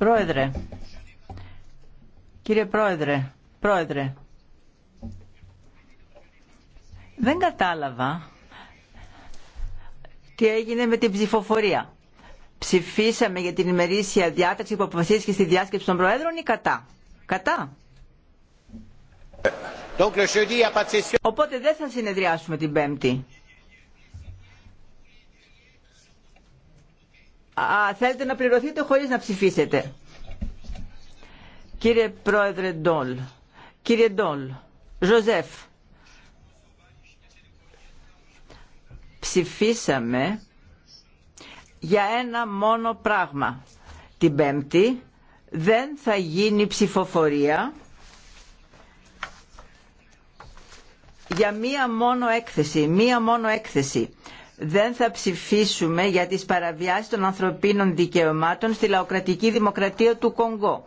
Πρόεδρε, κύριε Πρόεδρε, Πρόεδρε, δεν κατάλαβα τι έγινε με την ψηφοφορία. Ψηφίσαμε για την ημερήσια διάταξη που αποφασίστηκε στη διάσκεψη των Προέδρων ή κατά. Κατά. Ε, Οπότε δεν θα συνεδριάσουμε την Πέμπτη. θέλετε να πληρωθείτε χωρίς να ψηφίσετε. Κύριε Πρόεδρε Ντόλ, κύριε Ντόλ, Ζωζεφ, ψηφίσαμε για ένα μόνο πράγμα. Την Πέμπτη δεν θα γίνει ψηφοφορία για μία μόνο έκθεση, μία μόνο έκθεση δεν θα ψηφίσουμε για τις παραβιάσεις των ανθρωπίνων δικαιωμάτων στη λαοκρατική δημοκρατία του Κονγκό.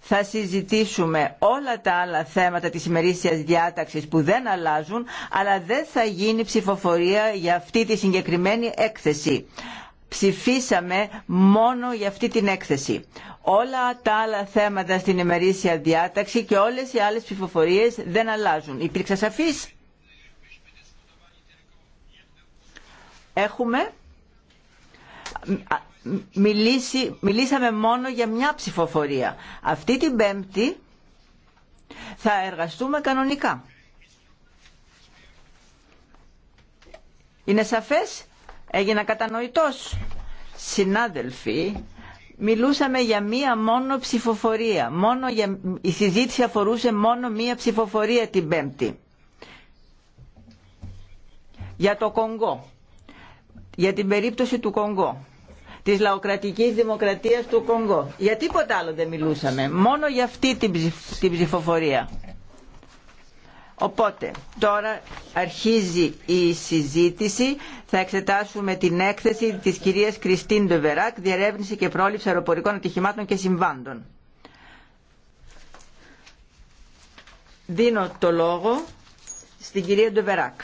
Θα συζητήσουμε όλα τα άλλα θέματα της ημερήσιας διάταξης που δεν αλλάζουν, αλλά δεν θα γίνει ψηφοφορία για αυτή τη συγκεκριμένη έκθεση. Ψηφίσαμε μόνο για αυτή την έκθεση. Όλα τα άλλα θέματα στην ημερήσια διάταξη και όλες οι άλλες ψηφοφορίες δεν αλλάζουν. Υπήρξα σαφής. έχουμε μιλήσει, μιλήσαμε μόνο για μια ψηφοφορία. Αυτή την Πέμπτη θα εργαστούμε κανονικά. Είναι σαφές, έγινα κατανοητός. Συνάδελφοι, μιλούσαμε για μία μόνο ψηφοφορία. Μόνο Η συζήτηση αφορούσε μόνο μία ψηφοφορία την Πέμπτη. Για το Κονγκό για την περίπτωση του Κονγκό, της λαοκρατικής δημοκρατίας του Κονγκό. Για τίποτα άλλο δεν μιλούσαμε, μόνο για αυτή την ψηφοφορία. Οπότε, τώρα αρχίζει η συζήτηση. Θα εξετάσουμε την έκθεση της κυρίας Κριστίν Ντεβεράκ, διερεύνηση και πρόληψη αεροπορικών ατυχημάτων και συμβάντων. Δίνω το λόγο στην κυρία Ντεβεράκ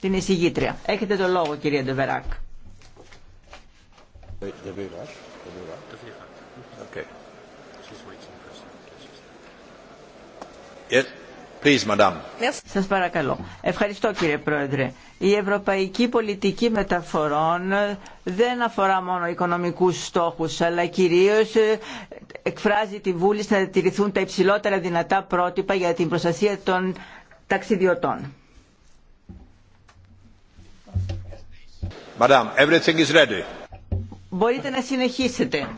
την εισηγήτρια. Έχετε το λόγο κυρία Ντεβεράκ. Σας παρακαλώ. Ευχαριστώ κύριε Πρόεδρε. Η ευρωπαϊκή πολιτική μεταφορών δεν αφορά μόνο οικονομικούς στόχους, αλλά κυρίως ε, εκφράζει τη βούληση να τηρηθούν τα υψηλότερα δυνατά πρότυπα για την προστασία των ταξιδιωτών. everything is ready. Μπορείτε να συνεχίσετε.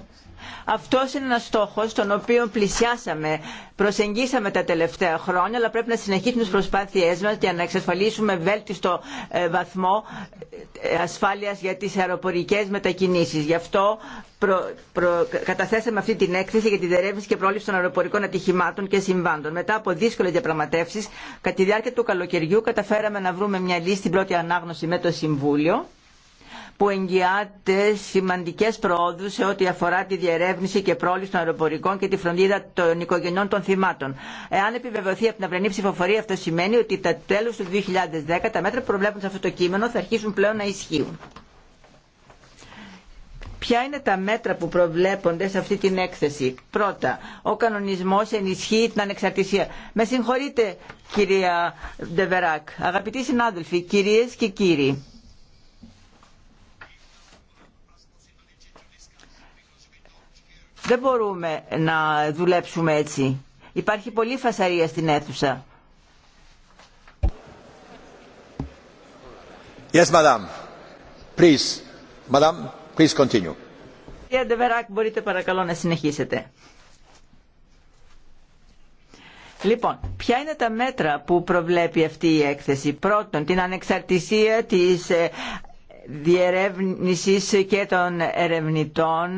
Αυτό είναι ένα στόχο τον οποίο πλησιάσαμε, προσεγγίσαμε τα τελευταία χρόνια, αλλά πρέπει να συνεχίσουμε τι προσπάθειε μα για να εξασφαλίσουμε βέλτιστο ε, βαθμό ε, ασφάλεια για τι αεροπορικέ μετακινήσει. Γι' αυτό προ, προ, καταθέσαμε αυτή την έκθεση για τη διερεύνηση και πρόληψη των αεροπορικών ατυχημάτων και συμβάντων. Μετά από δύσκολε διαπραγματεύσει, κατά τη διάρκεια του καλοκαιριού καταφέραμε να βρούμε μια λύση στην πρώτη ανάγνωση με το Συμβούλιο που εγγυάται σημαντικές προόδους σε ό,τι αφορά τη διερεύνηση και πρόληψη των αεροπορικών και τη φροντίδα των οικογενειών των θυμάτων. Εάν επιβεβαιωθεί από την αυρενή ψηφοφορία αυτό σημαίνει ότι τα τέλος του 2010 τα μέτρα που προβλέπουν σε αυτό το κείμενο θα αρχίσουν πλέον να ισχύουν. Ποια είναι τα μέτρα που προβλέπονται σε αυτή την έκθεση. Πρώτα, ο κανονισμός ενισχύει την ανεξαρτησία. Με συγχωρείτε κυρία Ντεβεράκ, αγαπητοί συνάδελφοι, κυρίες και κύριοι. Δεν μπορούμε να δουλέψουμε έτσι. Υπάρχει πολλή φασαρία στην αίθουσα. Yes, madam. Please, madam, please continue. Κύριε Ντεβεράκ, μπορείτε παρακαλώ να συνεχίσετε. Λοιπόν, ποια είναι τα μέτρα που προβλέπει αυτή η έκθεση. Πρώτον, την ανεξαρτησία της ε, διερεύνησης και των ερευνητών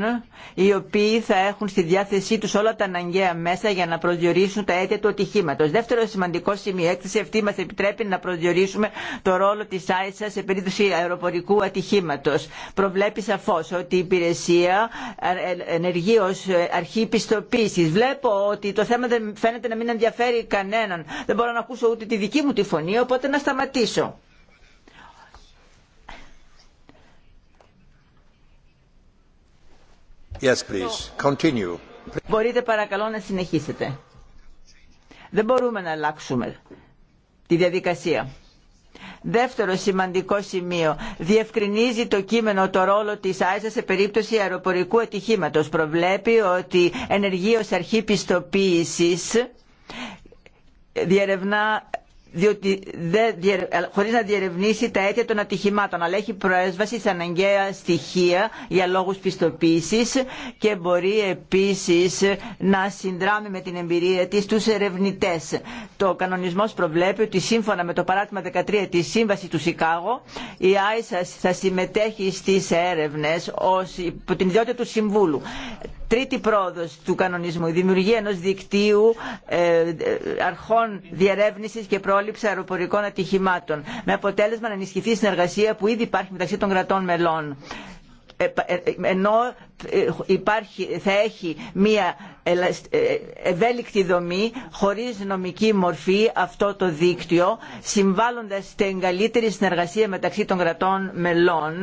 οι οποίοι θα έχουν στη διάθεσή τους όλα τα αναγκαία μέσα για να προσδιορίσουν τα αίτια του ατυχήματο. Δεύτερο σημαντικό σημείο, η έκθεση αυτή μας επιτρέπει να προσδιορίσουμε το ρόλο της ΆΙΣΑ σε περίπτωση αεροπορικού ατυχήματο. Προβλέπει σαφώ ότι η υπηρεσία ενεργεί ω αρχή πιστοποίηση. Βλέπω ότι το θέμα δεν φαίνεται να μην ενδιαφέρει κανέναν. Δεν μπορώ να ακούσω ούτε τη δική μου τη φωνή, οπότε να σταματήσω. Μπορείτε παρακαλώ να συνεχίσετε. Δεν μπορούμε να αλλάξουμε τη διαδικασία. Δεύτερο σημαντικό σημείο. Διευκρινίζει το κείμενο το ρόλο της Άιζα σε περίπτωση αεροπορικού ατυχήματος. Προβλέπει ότι ενεργεί ως αρχή πιστοποίησης διερευνά διότι ε, χωρίς να διερευνήσει τα αίτια των ατυχημάτων, αλλά έχει πρόσβαση σε αναγκαία στοιχεία για λόγους πιστοποίησης και μπορεί επίσης να συνδράμει με την εμπειρία της τους ερευνητές. Το κανονισμός προβλέπει ότι σύμφωνα με το παράδειγμα 13 της Σύμβασης του Σικάγο, η ΆΙΣΑΣ θα συμμετέχει στις έρευνες ως, υπό την ιδιότητα του Συμβούλου τρίτη πρόοδος του κανονισμού, η δημιουργία ενός δικτύου ε, αρχών διερεύνησης και πρόληψη αεροπορικών ατυχημάτων, με αποτέλεσμα να ενισχυθεί η συνεργασία που ήδη υπάρχει μεταξύ των κρατών μελών ενώ ε, υπάρχει, θα έχει μία ε, ευέλικτη δομή χωρίς νομική μορφή αυτό το δίκτυο συμβάλλοντας στην καλύτερη συνεργασία μεταξύ των κρατών μελών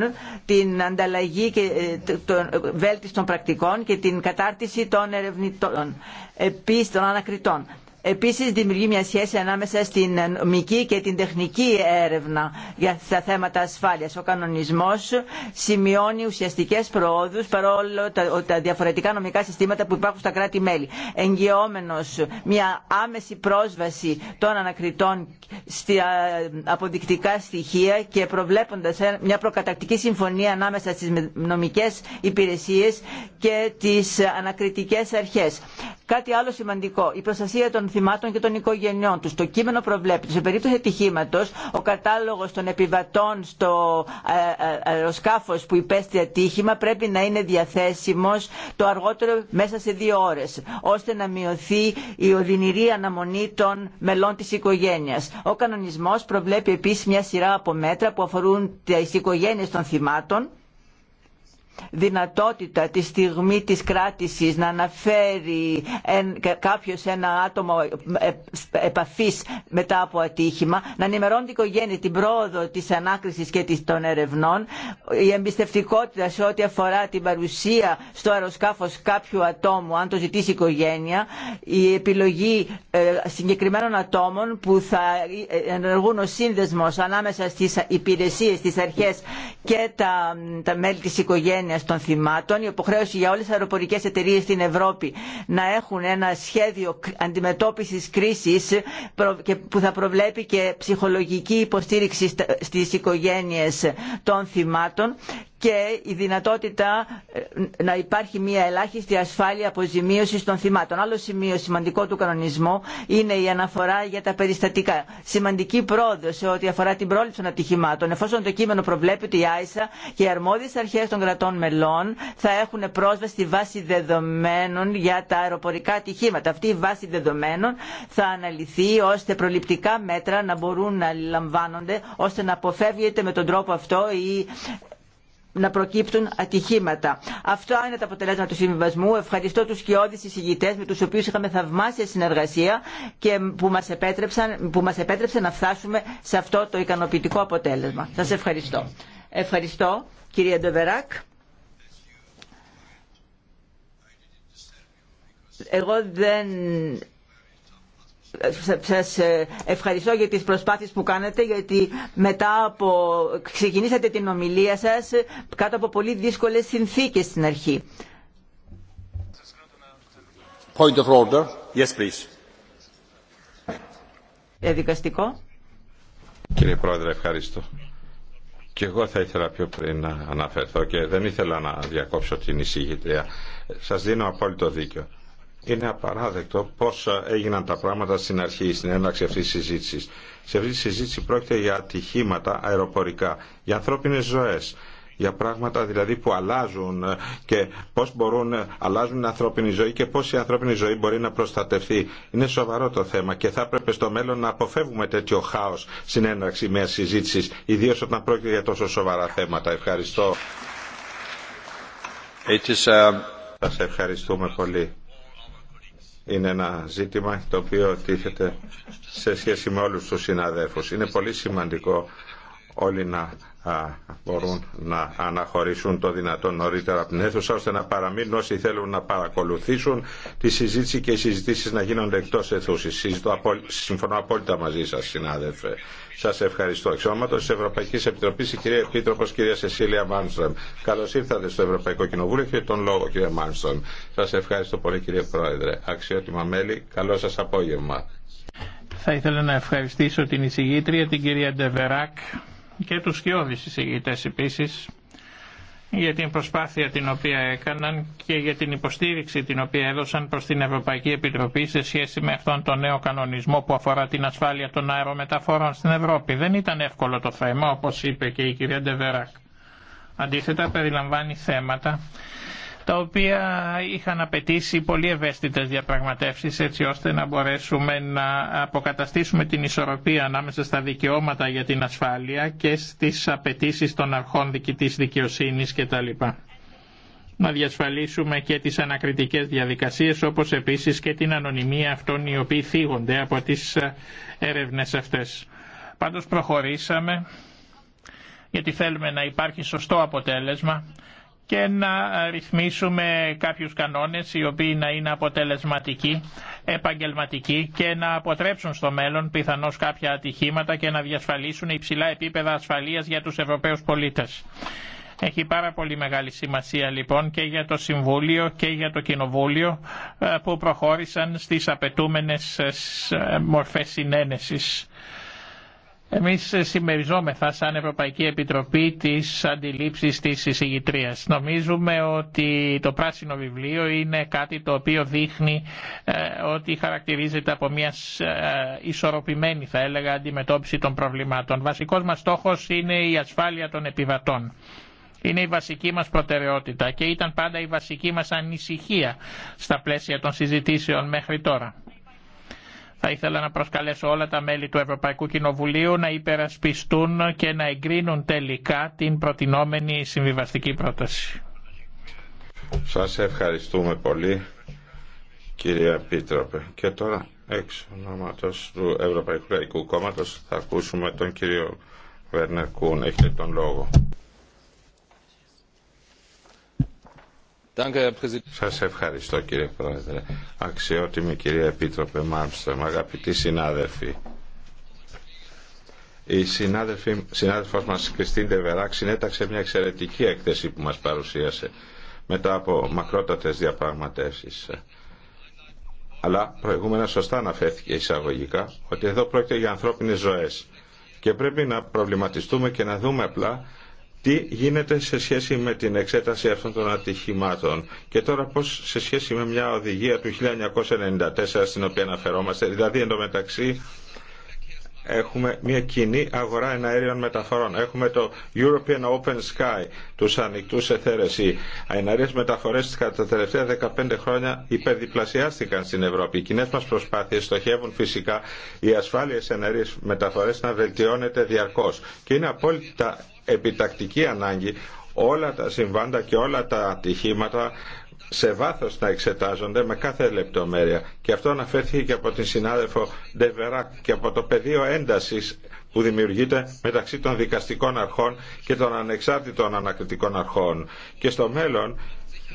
την ανταλλαγή και ε, των βέλτιστων πρακτικών και την κατάρτιση των ερευνητών επίσης των ανακριτών. Επίσης δημιουργεί μια σχέση ανάμεσα στην νομική και την τεχνική έρευνα για τα θέματα ασφάλειας. Ο κανονισμός σημειώνει ουσιαστικές προόδους παρόλο τα, τα διαφορετικά νομικά συστήματα που υπάρχουν στα κράτη-μέλη. Εγγυόμενος μια άμεση πρόσβαση των ανακριτών στα αποδεικτικά στοιχεία και προβλέποντας μια προκατακτική συμφωνία ανάμεσα στις νομικές υπηρεσίες και τις ανακριτικές αρχές. Κάτι άλλο σημαντικό, η προστασία των και των οικογενειών τους. Το κείμενο προβλέπει σε περίπτωση ατυχήματο, ο κατάλογος των επιβατών στο αεροσκάφο ε, ε, που υπέστη ατύχημα πρέπει να είναι διαθέσιμος το αργότερο μέσα σε δύο ώρες, ώστε να μειωθεί η οδυνηρή αναμονή των μελών τη οικογένεια. Ο κανονισμός προβλέπει επίσης μια σειρά από μέτρα που αφορούν τι οικογένειε των θυμάτων, δυνατότητα τη στιγμή της κράτησης να αναφέρει εν, κάποιος ένα άτομο επαφής μετά από ατύχημα, να ενημερώνει την οικογένεια την πρόοδο της ανάκρισης και των ερευνών, η εμπιστευτικότητα σε ό,τι αφορά την παρουσία στο αεροσκάφος κάποιου ατόμου, αν το ζητήσει η οικογένεια, η επιλογή ε, συγκεκριμένων ατόμων που θα ε, ενεργούν ο σύνδεσμος ανάμεσα στις υπηρεσίες, στις αρχές και τα, μέλη της οικογένειας των θυμάτων, η υποχρέωση για όλες τις αεροπορικές εταιρείε στην Ευρώπη να έχουν ένα σχέδιο αντιμετώπισης κρίσης που θα προβλέπει και ψυχολογική υποστήριξη στις οικογένειες των θυμάτων και η δυνατότητα ε, να υπάρχει μια ελάχιστη ασφάλεια αποζημίωσης των θυμάτων. Άλλο σημείο σημαντικό του κανονισμού είναι η αναφορά για τα περιστατικά. Σημαντική πρόοδο σε ό,τι αφορά την πρόληψη των ατυχημάτων. Εφόσον το κείμενο προβλέπει ότι η ΆΙΣΑ και οι αρμόδιες αρχές των κρατών μελών θα έχουν πρόσβαση στη βάση δεδομένων για τα αεροπορικά ατυχήματα. Αυτή η βάση δεδομένων θα αναλυθεί ώστε προληπτικά μέτρα να μπορούν να λαμβάνονται ώστε να αποφεύγεται με τον τρόπο αυτό η να προκύπτουν ατυχήματα. Αυτό είναι το αποτελέσμα του συμβιβασμού. Ευχαριστώ τους σκιώδει εισηγητές με του οποίου είχαμε θαυμάσια συνεργασία και που μα επέτρεψαν, επέτρεψαν να φτάσουμε σε αυτό το ικανοποιητικό αποτέλεσμα. Σα ευχαριστώ. Ευχαριστώ κυρία Ντεβεράκ. Εγώ δεν σας ε, ευχαριστώ για τις προσπάθειες που κάνετε γιατί μετά από ξεκινήσατε την ομιλία σας κάτω από πολύ δύσκολες συνθήκες στην αρχή. Point of order. Yes, please. Ε, Κύριε Πρόεδρε, ευχαριστώ. Και εγώ θα ήθελα πιο πριν να αναφερθώ και δεν ήθελα να διακόψω την εισηγητρία. Σας δίνω απόλυτο δίκιο. Είναι απαράδεκτο Πώ έγιναν τα πράγματα στην αρχή, στην έναρξη αυτή τη συζήτηση. Σε αυτή τη συζήτηση πρόκειται για ατυχήματα αεροπορικά, για ανθρώπινε ζωέ, για πράγματα δηλαδή που αλλάζουν και πώ μπορούν να αλλάζουν την ανθρώπινη ζωή και πώ η ανθρώπινη ζωή μπορεί να προστατευτεί. Είναι σοβαρό το θέμα και θα έπρεπε στο μέλλον να αποφεύγουμε τέτοιο χάο στην έναρξη μια συζήτηση, ιδίω όταν πρόκειται για τόσο σοβαρά θέματα. Ευχαριστώ. Uh, Σα ευχαριστούμε πολύ είναι ένα ζήτημα το οποίο τίθεται σε σχέση με όλους τους συναδέλφους. Είναι πολύ σημαντικό όλοι να μπορούν να αναχωρήσουν το δυνατόν νωρίτερα από την αίθουσα ώστε να παραμείνουν όσοι θέλουν να παρακολουθήσουν τη συζήτηση και οι συζητήσεις να γίνονται εκτός αιθούσης. Συμφωνώ απόλυτα μαζί σας συνάδελφε. Σας ευχαριστώ. Εξώματος της Ευρωπαϊκής Επιτροπής η κυρία Επίτροπος κυρία Σεσίλια Μάνστρομ. Καλώς ήρθατε στο Ευρωπαϊκό Κοινοβούλιο και τον λόγο κύριε Μάνστρομ. Σας ευχαριστώ πολύ κύριε Πρόεδρε. Αξιότιμα μέλη, καλό σας απόγευμα. Θα ήθελα να ευχαριστήσω την εισηγήτρια, την κυρία Ντεβεράκ, και τους σκιώδεις εισηγητές επίσης για την προσπάθεια την οποία έκαναν και για την υποστήριξη την οποία έδωσαν προς την Ευρωπαϊκή Επιτροπή σε σχέση με αυτόν τον νέο κανονισμό που αφορά την ασφάλεια των αερομεταφορών στην Ευρώπη. Δεν ήταν εύκολο το θέμα όπως είπε και η κυρία Ντεβεράκ. Αντίθετα περιλαμβάνει θέματα τα οποία είχαν απαιτήσει πολύ ευαίσθητες διαπραγματεύσεις έτσι ώστε να μπορέσουμε να αποκαταστήσουμε την ισορροπία ανάμεσα στα δικαιώματα για την ασφάλεια και στις απαιτήσεις των αρχών της δικαιοσύνης κτλ να διασφαλίσουμε και τις ανακριτικές διαδικασίες όπως επίσης και την ανωνυμία αυτών οι οποίοι θίγονται από τις έρευνες αυτές. Πάντως προχωρήσαμε γιατί θέλουμε να υπάρχει σωστό αποτέλεσμα και να ρυθμίσουμε κάποιους κανόνες οι οποίοι να είναι αποτελεσματικοί, επαγγελματικοί και να αποτρέψουν στο μέλλον πιθανώς κάποια ατυχήματα και να διασφαλίσουν υψηλά επίπεδα ασφαλείας για τους Ευρωπαίους πολίτες. Έχει πάρα πολύ μεγάλη σημασία λοιπόν και για το Συμβούλιο και για το Κοινοβούλιο ε, που προχώρησαν στις απαιτούμενες ε, ε, μορφές συνένεσης. Εμείς συμμεριζόμεθα σαν Ευρωπαϊκή Επιτροπή της αντιλήψης της εισηγητρίας. Νομίζουμε ότι το πράσινο βιβλίο είναι κάτι το οποίο δείχνει ε, ότι χαρακτηρίζεται από μια ε, ισορροπημένη θα έλεγα αντιμετώπιση των προβλημάτων. Βασικός μας στόχος είναι η ασφάλεια των επιβατών. Είναι η βασική μας προτεραιότητα και ήταν πάντα η βασική μας ανησυχία στα πλαίσια των συζητήσεων μέχρι τώρα. Θα ήθελα να προσκαλέσω όλα τα μέλη του Ευρωπαϊκού Κοινοβουλίου να υπερασπιστούν και να εγκρίνουν τελικά την προτινόμενη συμβιβαστική πρόταση. Σας ευχαριστούμε πολύ κύριε Πίτροπε. Και τώρα εξ ονόματος του Ευρωπαϊκού Λαϊκού Κόμματος θα ακούσουμε τον κύριο Βέρνερ Κούν. Έχετε τον λόγο. Σας ευχαριστώ κύριε Πρόεδρε. Αξιότιμη κυρία Επίτροπε Μάμστρομ, αγαπητοί συνάδελφοι. Η συνάδελφη, συνάδελφος μας Κριστίν Τεβεράκ συνέταξε μια εξαιρετική έκθεση που μας παρουσίασε μετά από μακρότατες διαπραγματεύσεις. Αλλά προηγούμενα σωστά αναφέρθηκε εισαγωγικά ότι εδώ πρόκειται για ανθρώπινες ζωές και πρέπει να προβληματιστούμε και να δούμε απλά τι γίνεται σε σχέση με την εξέταση αυτών των ατυχημάτων και τώρα πώς σε σχέση με μια οδηγία του 1994 στην οποία αναφερόμαστε, δηλαδή εντωμεταξύ έχουμε μια κοινή αγορά εναέριων μεταφορών. Έχουμε το European Open Sky, τους ανοιχτούς εθέρες. Οι αεναρίες μεταφορές κατά τα τελευταία 15 χρόνια υπερδιπλασιάστηκαν στην Ευρώπη. Οι κοινέ μας προσπάθειες στοχεύουν φυσικά οι ασφάλειες εναέριες μεταφορές να βελτιώνεται διαρκώς. Και είναι απόλυτα επιτακτική ανάγκη όλα τα συμβάντα και όλα τα ατυχήματα σε βάθος να εξετάζονται με κάθε λεπτομέρεια. Και αυτό αναφέρθηκε και από την συνάδελφο Ντεβεράκ και από το πεδίο έντασης που δημιουργείται μεταξύ των δικαστικών αρχών και των ανεξάρτητων ανακριτικών αρχών. Και στο μέλλον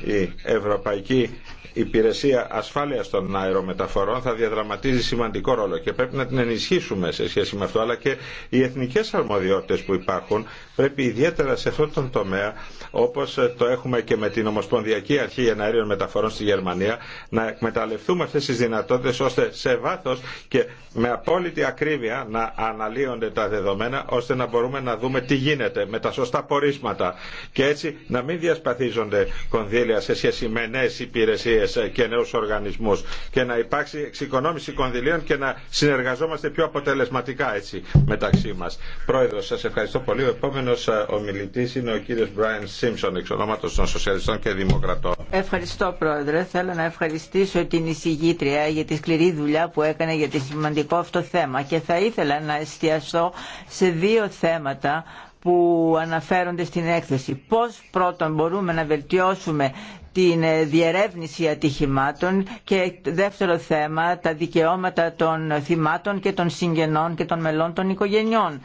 η Ευρωπαϊκή Υπηρεσία Ασφάλειας των Αερομεταφορών θα διαδραματίζει σημαντικό ρόλο και πρέπει να την ενισχύσουμε σε σχέση με αυτό, αλλά και οι εθνικές αρμοδιότητες που υπάρχουν πρέπει ιδιαίτερα σε αυτόν τον τομέα, όπως το έχουμε και με την Ομοσπονδιακή Αρχή Εναέριων Μεταφορών στη Γερμανία, να εκμεταλλευτούμε αυτές τις δυνατότητες ώστε σε βάθος και με απόλυτη ακρίβεια να αναλύονται τα δεδομένα ώστε να μπορούμε να δούμε τι γίνεται με τα σωστά πορίσματα και έτσι να μην διασπαθίζονται κονδύλια σε σχέση με νέε υπηρεσίε και νέου οργανισμού και να υπάρξει εξοικονόμηση κονδυλίων και να συνεργαζόμαστε πιο αποτελεσματικά έτσι μεταξύ μα. Πρόεδρο, σα ευχαριστώ πολύ. Ο επόμενο ε, ομιλητή είναι ο κύριο Μπράιν Σίμψον, εξ ονόματο των Σοσιαλιστών και Δημοκρατών. Ευχαριστώ, Πρόεδρε. Θέλω να ευχαριστήσω την εισηγήτρια για τη σκληρή δουλειά που έκανε για το σημαντικό αυτό θέμα και θα ήθελα να εστιαστώ σε δύο θέματα που αναφέρονται στην έκθεση. Πώς πρώτον μπορούμε να βελτιώσουμε την διερεύνηση ατυχημάτων και δεύτερο θέμα τα δικαιώματα των θυμάτων και των συγγενών και των μελών των οικογενειών.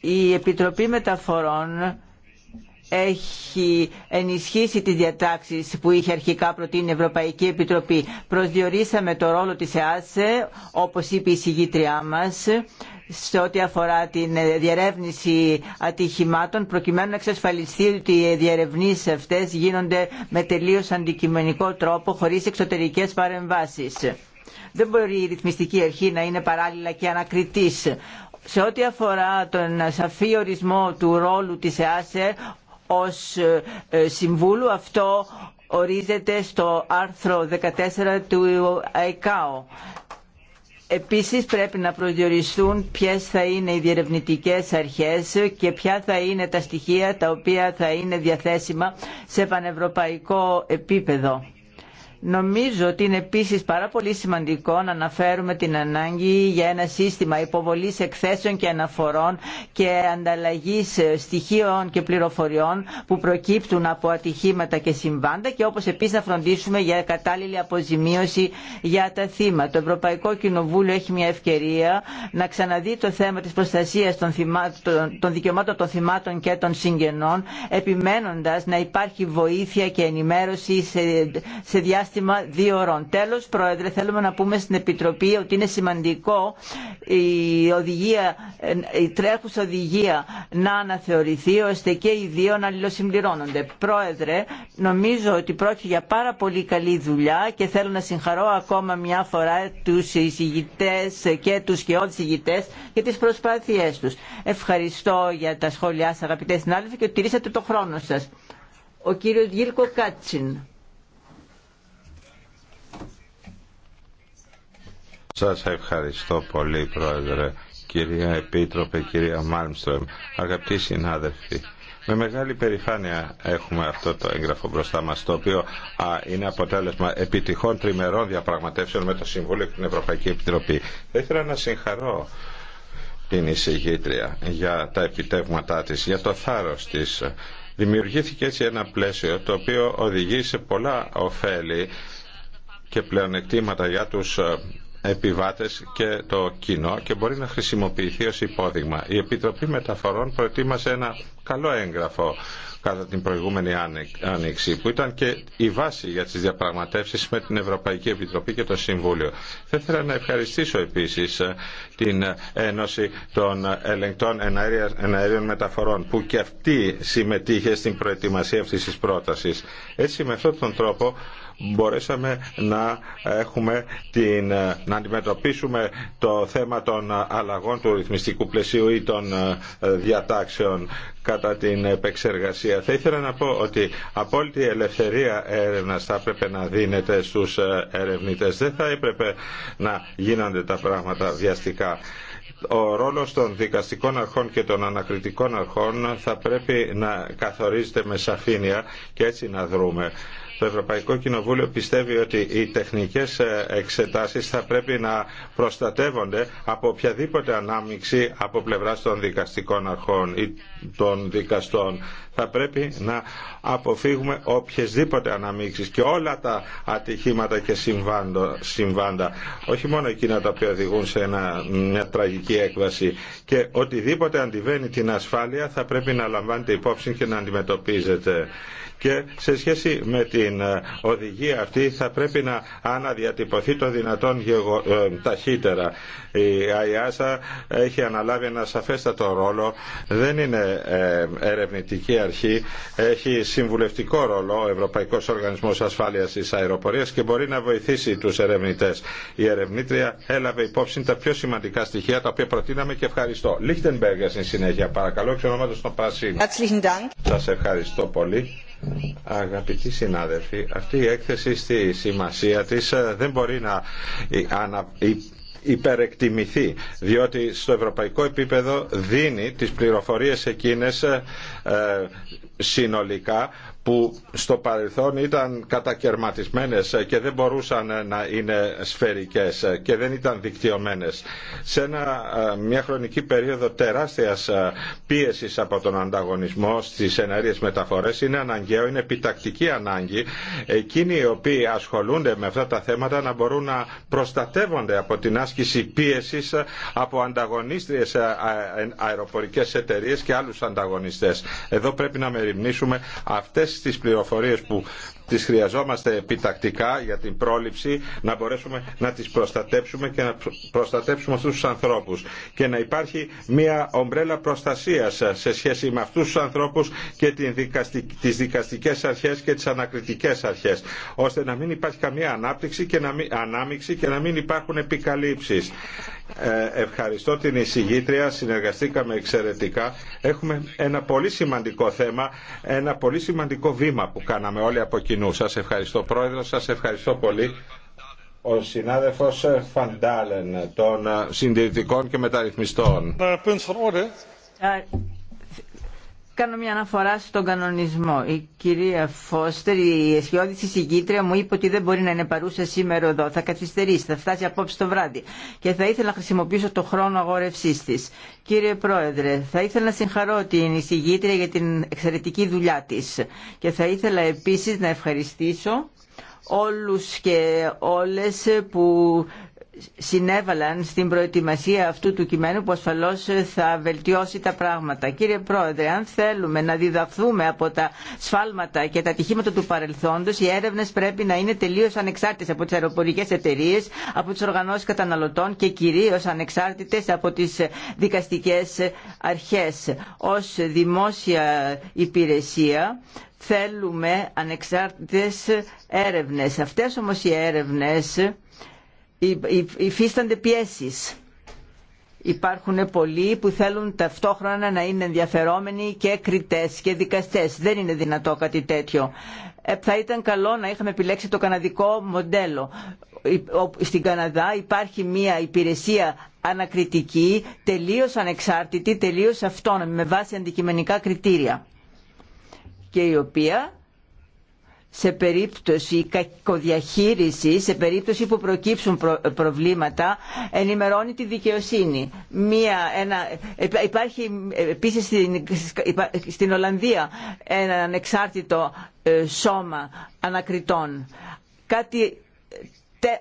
Η Επιτροπή Μεταφορών έχει ενισχύσει τις διατάξεις που είχε αρχικά προτείνει η Ευρωπαϊκή Επιτροπή. Προσδιορίσαμε το ρόλο της ΕΑΣΕ, όπως είπε η συγγήτριά μας, σε ό,τι αφορά την διερεύνηση ατυχημάτων, προκειμένου να εξασφαλιστεί ότι οι διερευνήσεις αυτές γίνονται με τελείως αντικειμενικό τρόπο, χωρίς εξωτερικές παρεμβάσεις. Δεν μπορεί η ρυθμιστική αρχή να είναι παράλληλα και ανακριτής. Σε ό,τι αφορά τον σαφή ορισμό του ρόλου της ΕΑΣΕ ως ε, ε, συμβούλου. Αυτό ορίζεται στο άρθρο 14 του ΑΕΚΑΟ. Επίσης πρέπει να προσδιοριστούν ποιες θα είναι οι διερευνητικές αρχές και ποια θα είναι τα στοιχεία τα οποία θα είναι διαθέσιμα σε πανευρωπαϊκό επίπεδο. Νομίζω ότι είναι επίσης πάρα πολύ σημαντικό να αναφέρουμε την ανάγκη για ένα σύστημα υποβολής εκθέσεων και αναφορών και ανταλλαγής στοιχείων και πληροφοριών που προκύπτουν από ατυχήματα και συμβάντα και όπως επίσης να φροντίσουμε για κατάλληλη αποζημίωση για τα θύματα. Το Ευρωπαϊκό Κοινοβούλιο έχει μια ευκαιρία να ξαναδεί το θέμα της προστασίας των, θυμάτων, των δικαιωμάτων των θυμάτων και των συγγενών επιμένοντας να υπάρχει βοήθεια και ενημέρωση σε, σε διάστημα διάστημα δύο ώρων. Πρόεδρε, θέλουμε να πούμε στην Επιτροπή ότι είναι σημαντικό η, οδηγία, η τρέχουσα οδηγία να αναθεωρηθεί ώστε και οι δύο να αλληλοσυμπληρώνονται. Πρόεδρε, νομίζω ότι πρόκειται για πάρα πολύ καλή δουλειά και θέλω να συγχαρώ ακόμα μια φορά του εισηγητέ και τους και εισηγητέ για τι προσπάθειέ του. Ευχαριστώ για τα σχόλιά σα, αγαπητέ συνάδελφοι και ότι τηρήσατε το χρόνο σα, Ο κύριος Γίλκο Κάτσιν. Σας ευχαριστώ πολύ Πρόεδρε, κυρία Επίτροπε, κυρία Μάλμστρομ, αγαπητοί συνάδελφοι. Με μεγάλη περηφάνεια έχουμε αυτό το έγγραφο μπροστά μας, το οποίο α, είναι αποτέλεσμα επιτυχών τριμερών διαπραγματεύσεων με το Συμβούλιο και την Ευρωπαϊκή Επιτροπή. Θα ήθελα να συγχαρώ την εισηγήτρια για τα επιτεύγματά της, για το θάρρος της. Δημιουργήθηκε έτσι ένα πλαίσιο το οποίο οδηγεί σε πολλά ωφέλη και πλεονεκτήματα για τους επιβάτες και το κοινό και μπορεί να χρησιμοποιηθεί ως υπόδειγμα. Η Επιτροπή Μεταφορών προετοίμασε ένα καλό έγγραφο κατά την προηγούμενη άνοιξη, που ήταν και η βάση για τις διαπραγματεύσεις με την Ευρωπαϊκή Επιτροπή και το Συμβούλιο. Θα ήθελα να ευχαριστήσω επίσης ε, την Ένωση των Ελεγκτών Εναερίων Μεταφορών, που και αυτή συμμετείχε στην προετοιμασία αυτής της πρότασης. Έτσι, με αυτόν τον τρόπο, μπορέσαμε να έχουμε την, ε, να αντιμετωπίσουμε το θέμα των αλλαγών του ρυθμιστικού πλαισίου ή των ε, διατάξεων κατά την επεξεργασία. Θα ήθελα να πω ότι απόλυτη ελευθερία έρευνα θα έπρεπε να δίνεται στους ε, ερευνητές. Δεν θα έπρεπε να γίνονται τα πράγματα βιαστικά ο ρόλος των δικαστικών αρχών και των ανακριτικών αρχών θα πρέπει να καθορίζεται με σαφήνεια και έτσι να δρούμε. Το Ευρωπαϊκό Κοινοβούλιο πιστεύει ότι οι τεχνικές ε, εξετάσεις θα πρέπει να προστατεύονται από οποιαδήποτε ανάμειξη από πλευράς των δικαστικών αρχών ή των δικαστών. Θα πρέπει να αποφύγουμε οποιασδήποτε αναμίξεις και όλα τα ατυχήματα και συμβάντα, όχι μόνο εκείνα τα οποία οδηγούν σε μια τραγική έκβαση και οτιδήποτε αντιβαίνει την ασφάλεια θα πρέπει να λαμβάνεται υπόψη και να αντιμετωπίζεται και σε σχέση με την ε, οδηγία αυτή θα πρέπει να αναδιατυπωθεί το δυνατόν ε, ταχύτερα. Η ΑΙΑΣΑ έχει αναλάβει ένα σαφέστατο ρόλο, δεν είναι ε, ερευνητική αρχή, έχει συμβουλευτικό ρόλο ο Ευρωπαϊκός Οργανισμός Ασφάλειας της Αεροπορίας και μπορεί να βοηθήσει τους ερευνητές. Η ερευνήτρια έλαβε υπόψη τα πιο σημαντικά στοιχεία τα οποία προτείναμε και ευχαριστώ. Μπεργα στην συνέχεια, παρακαλώ, εξ ονόματος των Πρασίνων. Σας ευχαριστώ πολύ. Αγαπητοί συνάδελφοι, αυτή η έκθεση στη σημασία της ε, δεν μπορεί να ε, ε, υπερεκτιμηθεί, διότι στο ευρωπαϊκό επίπεδο δίνει τις πληροφορίες εκείνες συνολικά που στο παρελθόν ήταν κατακερματισμένες και δεν μπορούσαν να είναι σφαιρικές και δεν ήταν δικτυωμένες. Σε ένα, ε, μια χρονική περίοδο τεράστιας ε, πίεσης από τον ανταγωνισμό στις ενέργειες μεταφορές είναι αναγκαίο, είναι επιτακτική ανάγκη εκείνοι οι οποίοι ασχολούνται με αυτά τα θέματα να μπορούν να προστατεύονται από την άσκηση πίεσης από ανταγωνίστριες ε, αεροπορικές εταιρείες και άλλους ανταγωνιστές. Εδώ πρέπει να μεριμνήσουμε αυτές στις τις πληροφορίες που τις χρειαζόμαστε επιτακτικά για την πρόληψη, να μπορέσουμε να τις προστατέψουμε και να προστατέψουμε αυτούς τους ανθρώπους και να υπάρχει μια ομπρέλα προστασίας σε σχέση με αυτούς τους ανθρώπους και την δικαστικέ τις δικαστικές αρχές και τις ανακριτικές αρχές ώστε να μην υπάρχει καμία ανάπτυξη και να μην, ανάμειξη και να μην υπάρχουν επικαλύψεις. Ε, ευχαριστώ την εισηγήτρια, συνεργαστήκαμε εξαιρετικά. Έχουμε ένα πολύ σημαντικό θέμα, ένα πολύ σημαντικό βήμα που κάναμε όλοι από εκεί κοινού. Σας ευχαριστώ πρόεδρο, σας ευχαριστώ πολύ ο συνάδελφο Φαντάλεν των συντηρητικών και μεταρρυθμιστών. Κάνω μια αναφορά στον κανονισμό. Η κυρία Φώστερ, η αισιόδη συγκήτρια, μου είπε ότι δεν μπορεί να είναι παρούσα σήμερα εδώ. Θα καθυστερήσει, θα φτάσει απόψε το βράδυ. Και θα ήθελα να χρησιμοποιήσω το χρόνο αγόρευσή τη. Κύριε Πρόεδρε, θα ήθελα να συγχαρώ την συγκήτρια για την εξαιρετική δουλειά τη. Και θα ήθελα επίση να ευχαριστήσω όλους και όλες που συνέβαλαν στην προετοιμασία αυτού του κειμένου που ασφαλώς θα βελτιώσει τα πράγματα. Κύριε Πρόεδρε, αν θέλουμε να διδαχθούμε από τα σφάλματα και τα ατυχήματα του παρελθόντος, οι έρευνες πρέπει να είναι τελείως ανεξάρτητες από τις αεροπορικές εταιρείε, από τις οργανώσεις καταναλωτών και κυρίως ανεξάρτητες από τις δικαστικές αρχές. Ως δημόσια υπηρεσία θέλουμε ανεξάρτητες έρευνες. Αυτές όμως οι έρευνες υφίστανται πιέσει. Υπάρχουν πολλοί που θέλουν ταυτόχρονα να είναι ενδιαφερόμενοι και κριτές και δικαστές. Δεν είναι δυνατό κάτι τέτοιο. Ε, θα ήταν καλό να είχαμε επιλέξει το καναδικό μοντέλο. Στην Καναδά υπάρχει μια υπηρεσία ανακριτική, τελείως ανεξάρτητη, τελείως αυτόνομη, με βάση αντικειμενικά κριτήρια και η οποία σε περίπτωση κακοδιαχείριση, σε περίπτωση που προκύψουν προβλήματα, ενημερώνει τη δικαιοσύνη. Μία, ένα, υπάρχει επίση στην, στην Ολλανδία ένα ανεξάρτητο ε, σώμα ανακριτών. Κάτι,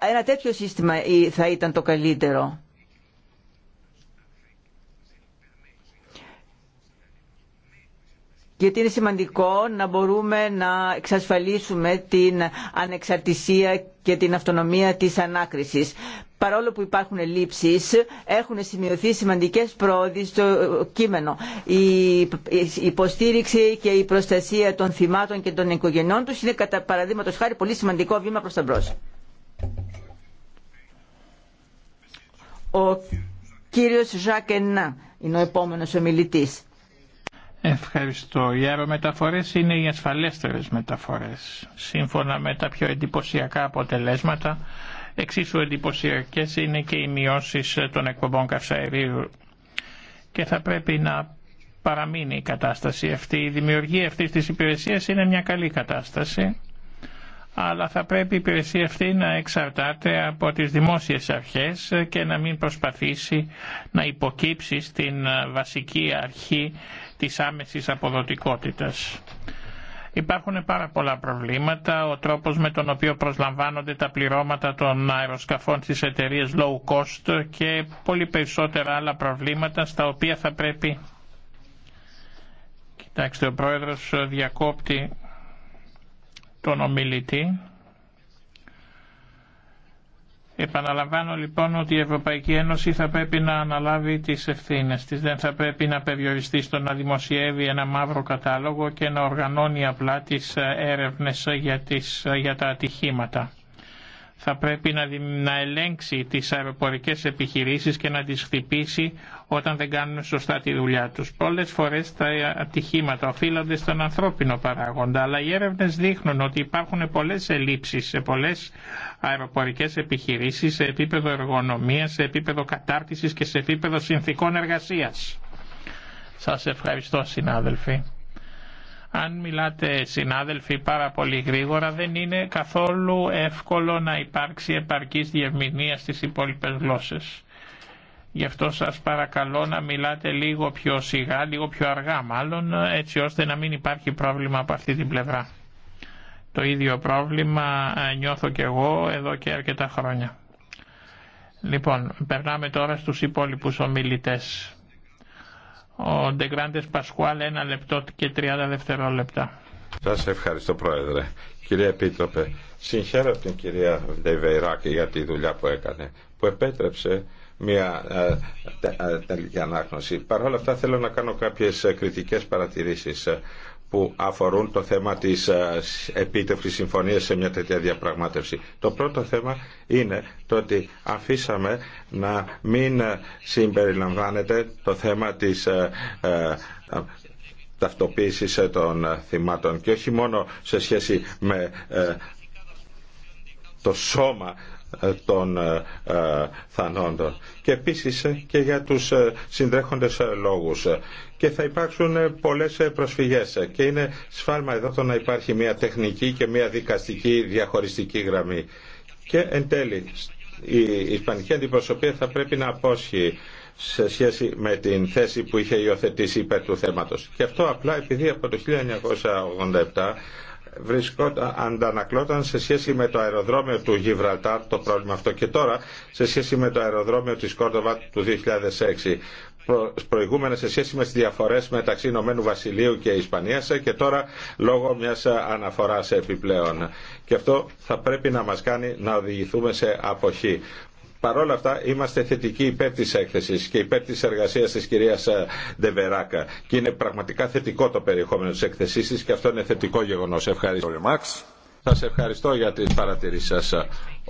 ένα τέτοιο σύστημα ε, θα ήταν το καλύτερο. γιατί είναι σημαντικό να μπορούμε να εξασφαλίσουμε την ανεξαρτησία και την αυτονομία της ανάκρισης. Παρόλο που υπάρχουν λήψεις, έχουν σημειωθεί σημαντικές πρόοδοι στο κείμενο. Η υποστήριξη και η προστασία των θυμάτων και των οικογενών τους είναι κατά παραδείγματο χάρη πολύ σημαντικό βήμα προς τα μπρος. Ο κύριος Ζακ είναι ο επόμενος ομιλητής. Ευχαριστώ. Οι αερομεταφορές είναι οι ασφαλέστερες μεταφορές. Σύμφωνα με τα πιο εντυπωσιακά αποτελέσματα, εξίσου εντυπωσιακέ είναι και οι μειώσεις των εκπομπών καυσαερίου. Και θα πρέπει να παραμείνει η κατάσταση αυτή. Η δημιουργία αυτής της υπηρεσίας είναι μια καλή κατάσταση, αλλά θα πρέπει η υπηρεσία αυτή να εξαρτάται από τις δημόσιες αρχές και να μην προσπαθήσει να υποκύψει στην βασική αρχή της άμεσης αποδοτικότητας. Υπάρχουν πάρα πολλά προβλήματα. Ο τρόπος με τον οποίο προσλαμβάνονται τα πληρώματα των αεροσκαφών στις εταιρείες low cost και πολύ περισσότερα άλλα προβλήματα στα οποία θα πρέπει... Κοιτάξτε, ο πρόεδρος διακόπτει τον ομιλητή. Επαναλαμβάνω λοιπόν ότι η Ευρωπαϊκή Ένωση θα πρέπει να αναλάβει τις ευθύνες της. Δεν θα πρέπει να περιοριστεί στο να δημοσιεύει ένα μαύρο κατάλογο και να οργανώνει απλά τις ε, έρευνες για, ε, για τα ατυχήματα θα πρέπει να, να ελέγξει τις αεροπορικές επιχειρήσεις και να τις χτυπήσει όταν δεν κάνουν σωστά τη δουλειά τους. Πολλές φορές τα ατυχήματα οφείλονται στον ανθρώπινο παράγοντα, αλλά οι έρευνες δείχνουν ότι υπάρχουν πολλές ελλείψεις σε πολλές αεροπορικές επιχειρήσεις, σε επίπεδο εργονομίας, σε επίπεδο κατάρτισης και σε επίπεδο συνθήκων εργασίας. Σας ευχαριστώ συνάδελφοι. Αν μιλάτε συνάδελφοι πάρα πολύ γρήγορα δεν είναι καθόλου εύκολο να υπάρξει επαρκής διευμηνία στις υπόλοιπες γλώσσες. Γι' αυτό σας παρακαλώ να μιλάτε λίγο πιο σιγά, λίγο πιο αργά μάλλον, έτσι ώστε να μην υπάρχει πρόβλημα από αυτή την πλευρά. Το ίδιο πρόβλημα ε, νιώθω και εγώ εδώ και αρκετά χρόνια. Λοιπόν, περνάμε τώρα στους υπόλοιπους ομιλητές. Ο Ντεγκράντες Πασχουάλ, ένα λεπτό και 30 δευτερόλεπτα. Σας ευχαριστώ Πρόεδρε. Κυρία Επίτροπε, συγχαίρω την κυρία Ντεβεϊράκη για τη δουλειά που έκανε, που επέτρεψε μια ε, ε, τελική ανάγνωση. Παρ' όλα αυτά θέλω να κάνω κάποιες ε, κριτικές παρατηρήσεις που αφορούν το θέμα της ε, επίτευξης συμφωνίας σε μια τέτοια διαπραγμάτευση. Το πρώτο θέμα είναι το ότι αφήσαμε να μην ε, συμπεριλαμβάνεται το θέμα της ε, ταυτοποίησης των θυμάτων και όχι μόνο σε σχέση με το σώμα των θανόντων και επίσης και για τους συνδέχοντες λόγους και θα υπάρξουν ε, πολλές ε, προσφυγές ε, και είναι σφάλμα εδώ το να υπάρχει μια τεχνική και μια δικαστική διαχωριστική γραμμή. Και εν τέλει η Ισπανική Αντιπροσωπεία θα πρέπει να απόσχει σε σχέση με την θέση που είχε υιοθετήσει υπέρ του θέματος. Και αυτό απλά επειδή από το 1987 βρισκόταν, αντανακλώταν σε σχέση με το αεροδρόμιο του Γιβραλτάρ το πρόβλημα αυτό και τώρα σε σχέση με το αεροδρόμιο της Κόρτοβα του 2006 προηγούμενες σε σχέση με τις διαφορές μεταξύ Ηνωμένου Βασιλείου και Ισπανίας και τώρα λόγω μιας αναφοράς επιπλέον. Και αυτό θα πρέπει να μας κάνει να οδηγηθούμε σε αποχή. Παρ' όλα αυτά είμαστε θετικοί υπέρ της έκθεσης και υπέρ της εργασίας της κυρίας Ντεβεράκα και είναι πραγματικά θετικό το περιεχόμενο της έκθεσής της και αυτό είναι θετικό γεγονός. Ευχαριστώ. Σας ευχαριστώ για τις παρατηρήσεις σας.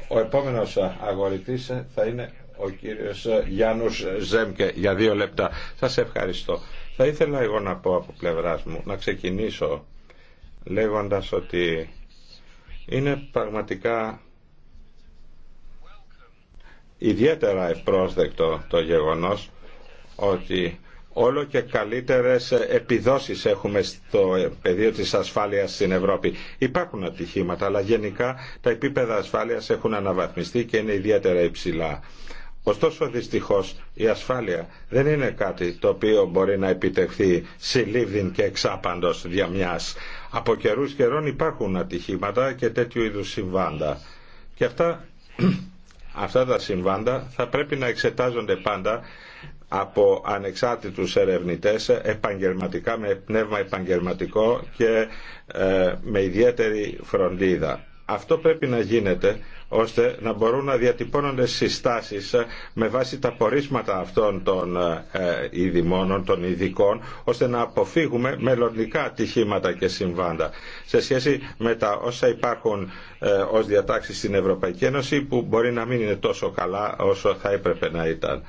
Ο επόμενος αγορητής θα είναι ο κύριος Γιάννους Ζέμκε για δύο λεπτά. Σας ευχαριστώ. Θα ήθελα εγώ να πω από πλευράς μου, να ξεκινήσω λέγοντας ότι είναι πραγματικά ιδιαίτερα ευπρόσδεκτο το γεγονός ότι όλο και καλύτερες επιδόσεις έχουμε στο πεδίο της ασφάλειας στην Ευρώπη. Υπάρχουν ατυχήματα, αλλά γενικά τα επίπεδα ασφάλειας έχουν αναβαθμιστεί και είναι ιδιαίτερα υψηλά. Ωστόσο δυστυχώς η ασφάλεια δεν είναι κάτι το οποίο μπορεί να επιτευχθεί συλλήβδιν και εξάπαντος διαμιάς. Από καιρού καιρών υπάρχουν ατυχήματα και τέτοιου είδους συμβάντα. Και αυτά, αυτά τα συμβάντα θα πρέπει να εξετάζονται πάντα από ανεξάρτητους ερευνητές επαγγελματικά με πνεύμα επαγγελματικό και ε, με ιδιαίτερη φροντίδα. Αυτό πρέπει να γίνεται ώστε να μπορούν να διατυπώνονται συστάσεις ε, με βάση τα πορίσματα αυτών των ε, ε, ειδημόνων, των ειδικών, ώστε να αποφύγουμε μελλοντικά ατυχήματα και συμβάντα. Σε σχέση με τα όσα υπάρχουν ως διατάξεις στην Ευρωπαϊκή Ένωση που μπορεί να μην είναι τόσο καλά όσο θα έπρεπε να ήταν.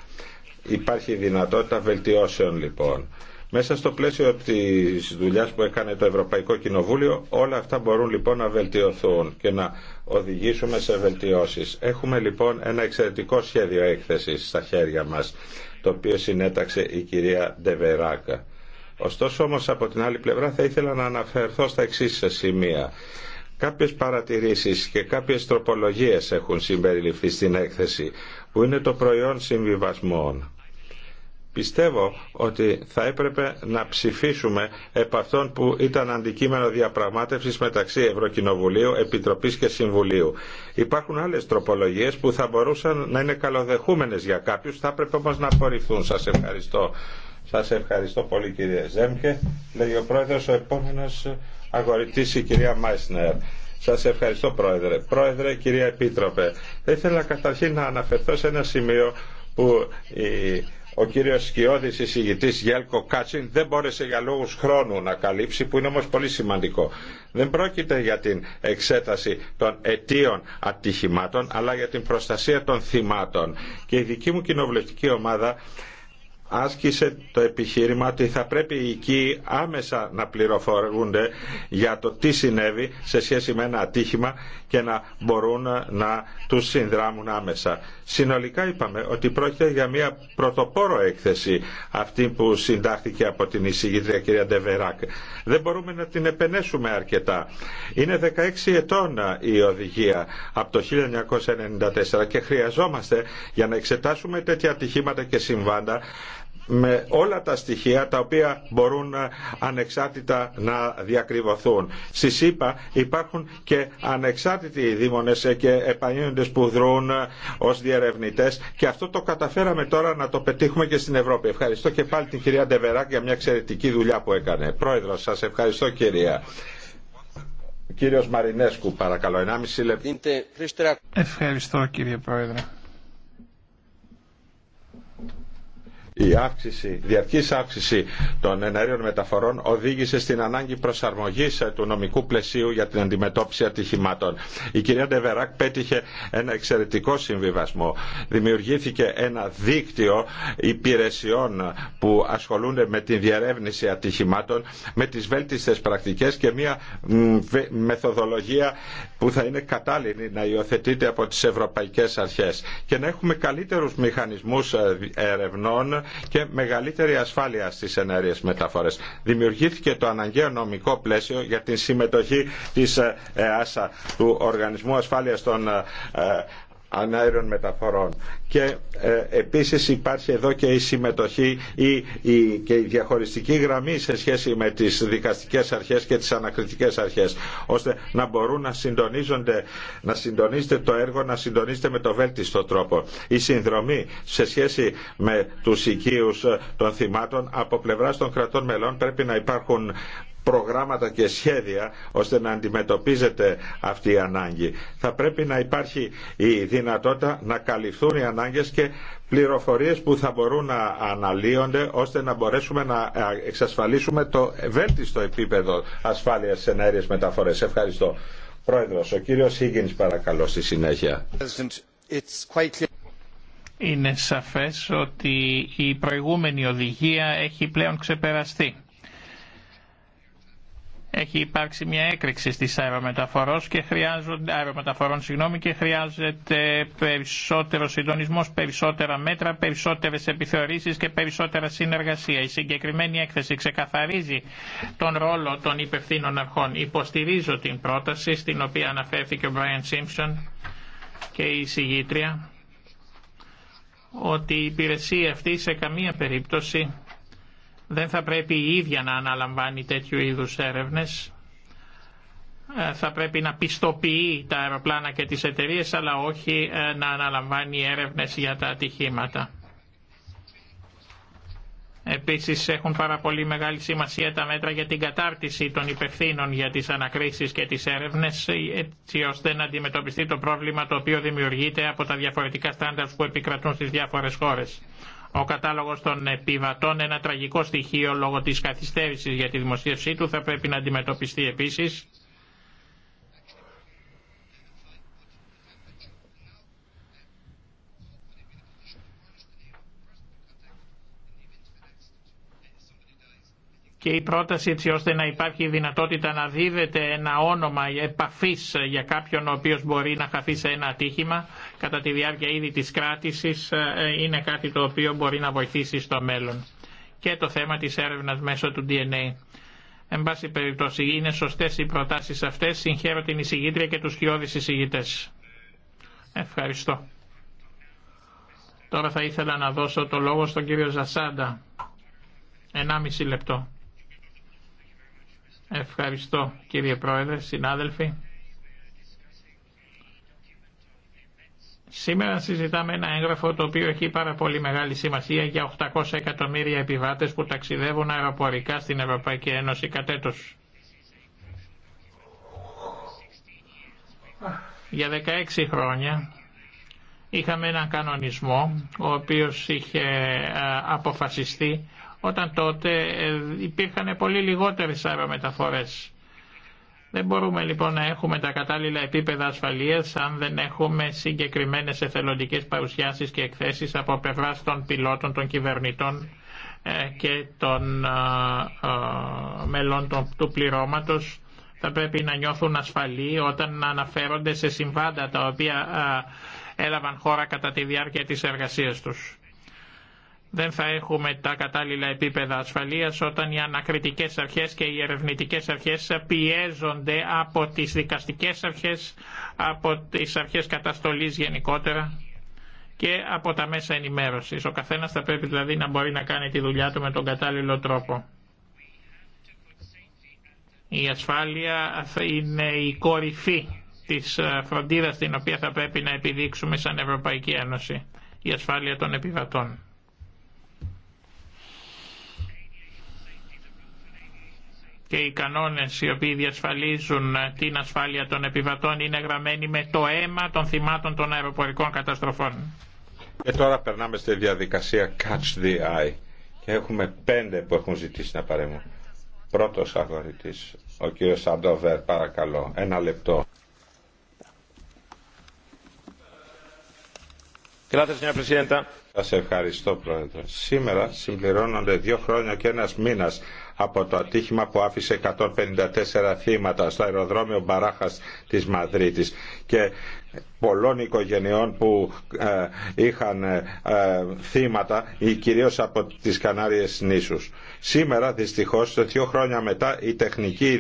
Υπάρχει δυνατότητα βελτιώσεων λοιπόν. Μέσα στο πλαίσιο της δουλειάς που έκανε το Ευρωπαϊκό Κοινοβούλιο όλα αυτά μπορούν λοιπόν να βελτιωθούν και να οδηγήσουμε σε βελτιώσεις. Έχουμε λοιπόν ένα εξαιρετικό σχέδιο έκθεσης στα χέρια μας, το οποίο συνέταξε η κυρία Ντεβεράκα. Ωστόσο όμως από την άλλη πλευρά θα ήθελα να αναφερθώ στα εξής σημεία. Κάποιες παρατηρήσεις και κάποιες τροπολογίες έχουν συμπεριληφθεί στην έκθεση, που είναι το προϊόν συμβιβασμών Πιστεύω ότι θα έπρεπε να ψηφίσουμε επ' αυτόν που ήταν αντικείμενο διαπραγμάτευσης μεταξύ Ευρωκοινοβουλίου, Επιτροπής και Συμβουλίου. Υπάρχουν άλλες τροπολογίες που θα μπορούσαν να είναι καλοδεχούμενες για κάποιους, θα έπρεπε όμως να απορριφθούν. Σας ευχαριστώ. Σας ευχαριστώ πολύ κύριε Ζέμκε. λέει ο πρόεδρος, ο επόμενος αγορητής η κυρία Μάισνερ. Σας ευχαριστώ πρόεδρε. Πρόεδρε, κυρία Επίτροπε, θα ήθελα καταρχήν να αναφερθώ σε ένα σημείο που ο κύριος Σκιώδης εισηγητής Γέλκο Κάτσιν δεν μπόρεσε για λόγους χρόνου να καλύψει που είναι όμως πολύ σημαντικό. Δεν πρόκειται για την εξέταση των αιτίων ατυχημάτων αλλά για την προστασία των θυμάτων. Και η δική μου κοινοβουλευτική ομάδα άσκησε το επιχείρημα ότι θα πρέπει οι οικοί άμεσα να πληροφορούνται για το τι συνέβη σε σχέση με ένα ατύχημα και να μπορούν να τους συνδράμουν άμεσα. Συνολικά είπαμε ότι πρόκειται για μια πρωτοπόρο έκθεση αυτή που συντάχθηκε από την εισηγήτρια κυρία Ντεβεράκ. Δεν μπορούμε να την επενέσουμε αρκετά. Είναι 16 ετών η οδηγία από το 1994 και χρειαζόμαστε για να εξετάσουμε τέτοια ατυχήματα και συμβάντα με όλα τα στοιχεία τα οποία μπορούν ε, ανεξάρτητα να διακριβωθούν. Στη ΣΥΠΑ υπάρχουν και ανεξάρτητοι δήμονες ε, και επανείοντες που δρούν ε, ως διερευνητές και αυτό το καταφέραμε τώρα να το πετύχουμε και στην Ευρώπη. Ευχαριστώ και πάλι την κυρία Ντεβεράκ για μια εξαιρετική δουλειά που έκανε. Πρόεδρος, σας ευχαριστώ κυρία. Κύριος Μαρινέσκου, παρακαλώ, 1,5 λεπτά. Ευχαριστώ κύριε Πρόεδρε. Η αύξηση, διαρκής αύξηση των εναέριων μεταφορών οδήγησε στην ανάγκη προσαρμογής ε, του νομικού πλαισίου για την αντιμετώπιση ατυχημάτων. Η κυρία Ντεβεράκ πέτυχε ένα εξαιρετικό συμβιβασμό. Δημιουργήθηκε ένα δίκτυο υπηρεσιών που ασχολούνται με την διερεύνηση ατυχημάτων, με τις βέλτιστες πρακτικές και μια μεθοδολογία που θα είναι κατάλληλη να υιοθετείται από τις ευρωπαϊκές αρχές και να έχουμε καλύτερους μηχανισμού ε, ερευνών και μεγαλύτερη ασφάλεια στις ενέργειες μεταφορέ. Δημιουργήθηκε το αναγκαίο νομικό πλαίσιο για την συμμετοχή της ΕΑΣΑ, ε, του Οργανισμού Ασφάλειας των ε, ε, αναέρων μεταφορών. Και ε, επίσης υπάρχει εδώ και η συμμετοχή ή, και η διαχωριστική γραμμή σε σχέση με τις δικαστικές αρχές και τις ανακριτικές αρχές, ώστε να μπορούν να συντονίζονται, να συντονίστε το έργο, να συντονίστε με το βέλτιστο τρόπο. Η συνδρομή σε σχέση με τους οικείους ε, των θυμάτων από πλευράς των κρατών μελών πρέπει να υπάρχουν προγράμματα και σχέδια ώστε να αντιμετωπίζεται αυτή η ανάγκη. Θα πρέπει να υπάρχει η δυνατότητα να καλυφθούν οι ανάγκες και πληροφορίες που θα μπορούν να αναλύονται ώστε να μπορέσουμε να εξασφαλίσουμε το βέλτιστο επίπεδο ασφάλειας σε αέριες μεταφορές. Ευχαριστώ. Πρόεδρος, ο κύριος Higgins παρακαλώ στη συνέχεια. Είναι σαφές ότι η προηγούμενη οδηγία έχει πλέον ξεπεραστεί έχει υπάρξει μια έκρηξη στις μεταφορών και χρειάζονται, αερομεταφορών συγγνώμη, και χρειάζεται περισσότερο συντονισμό, περισσότερα μέτρα, περισσότερες επιθεωρήσεις και περισσότερα συνεργασία. Η συγκεκριμένη έκθεση ξεκαθαρίζει τον ρόλο των υπευθύνων αρχών. Υποστηρίζω την πρόταση στην οποία αναφέρθηκε ο Μπράιν Σίμψον και η συγγήτρια ότι η υπηρεσία αυτή σε καμία περίπτωση δεν θα πρέπει η ίδια να αναλαμβάνει τέτοιου είδους έρευνες. Ε, θα πρέπει να πιστοποιεί τα αεροπλάνα και τις εταιρείες, αλλά όχι ε, να αναλαμβάνει έρευνες για τα ατυχήματα. Επίσης έχουν πάρα πολύ μεγάλη σημασία τα μέτρα για την κατάρτιση των υπευθύνων για τις ανακρίσεις και τις έρευνες ε, έτσι ώστε να αντιμετωπιστεί το πρόβλημα το οποίο δημιουργείται από τα διαφορετικά στάνταρ που επικρατούν στις διάφορες χώρες ο κατάλογο των επιβατών ένα τραγικό στοιχείο λόγω τη καθυστέρηση για τη δημοσίευσή του θα πρέπει να αντιμετωπιστεί επίση. και η πρόταση έτσι ώστε να υπάρχει η δυνατότητα να δίδεται ένα όνομα επαφής για κάποιον ο οποίος μπορεί να χαθεί σε ένα ατύχημα κατά τη διάρκεια ήδη της κράτησης ε, είναι κάτι το οποίο μπορεί να βοηθήσει στο μέλλον. Και το θέμα της έρευνας μέσω του DNA. Εν πάση περιπτώσει είναι σωστές οι προτάσεις αυτές. Συγχαίρω την εισηγήτρια και τους χειώδεις εισηγητές. Ευχαριστώ. Τώρα θα ήθελα να δώσω το λόγο στον κύριο Ζασάντα. Ενάμιση λεπτό. Ευχαριστώ κύριε Πρόεδρε, συνάδελφοι. Σήμερα συζητάμε ένα έγγραφο το οποίο έχει πάρα πολύ μεγάλη σημασία για 800 εκατομμύρια επιβάτες που ταξιδεύουν αεροπορικά στην Ευρωπαϊκή Ένωση κατέτος. Για 16 χρόνια είχαμε έναν κανονισμό ο οποίος είχε ε, αποφασιστεί όταν τότε ε, υπήρχαν πολύ λιγότερες αερομεταφορές. Δεν μπορούμε λοιπόν να έχουμε τα κατάλληλα επίπεδα ασφαλείας αν δεν έχουμε συγκεκριμένες εθελοντικές παρουσιάσεις και εκθέσεις από πλευρά των πιλότων, των κυβερνητών ε, και των ε, ε, μελών του πληρώματος. Θα πρέπει να νιώθουν ασφαλή όταν αναφέρονται σε συμβάντα τα οποία έλαβαν χώρα κατά τη διάρκεια της εργασίας τους δεν θα έχουμε τα κατάλληλα επίπεδα ασφαλείας όταν οι ανακριτικές αρχές και οι ερευνητικές αρχές πιέζονται από τις δικαστικές αρχές, από τις αρχές καταστολής γενικότερα και από τα μέσα ενημέρωσης. Ο καθένας θα πρέπει δηλαδή να μπορεί να κάνει τη δουλειά του με τον κατάλληλο τρόπο. Η ασφάλεια είναι η κορυφή της φροντίδας την οποία θα πρέπει να επιδείξουμε σαν Ευρωπαϊκή Ένωση. Η ασφάλεια των επιβατών. και οι κανόνες οι οποίοι διασφαλίζουν ε, την ασφάλεια των επιβατών είναι γραμμένοι με το αίμα των θυμάτων των αεροπορικών καταστροφών. Και τώρα περνάμε στη διαδικασία Catch the Eye και έχουμε πέντε που έχουν ζητήσει να παρέμουν. Πρώτος αγορητής, ο κύριος Σαντόβερ, παρακαλώ, ένα λεπτό. Σας ευχαριστώ Πρόεδρε. Σήμερα συμπληρώνονται δύο χρόνια και ένας μήνας από το ατύχημα που άφησε 154 θύματα στο αεροδρόμιο Μπαράχας της Μαδρίτης και πολλών οικογενειών που ε, είχαν ε, ε, θύματα ή κυρίως από τις Κανάριες νήσους. Σήμερα δυστυχώς δύο χρόνια μετά η τεχνική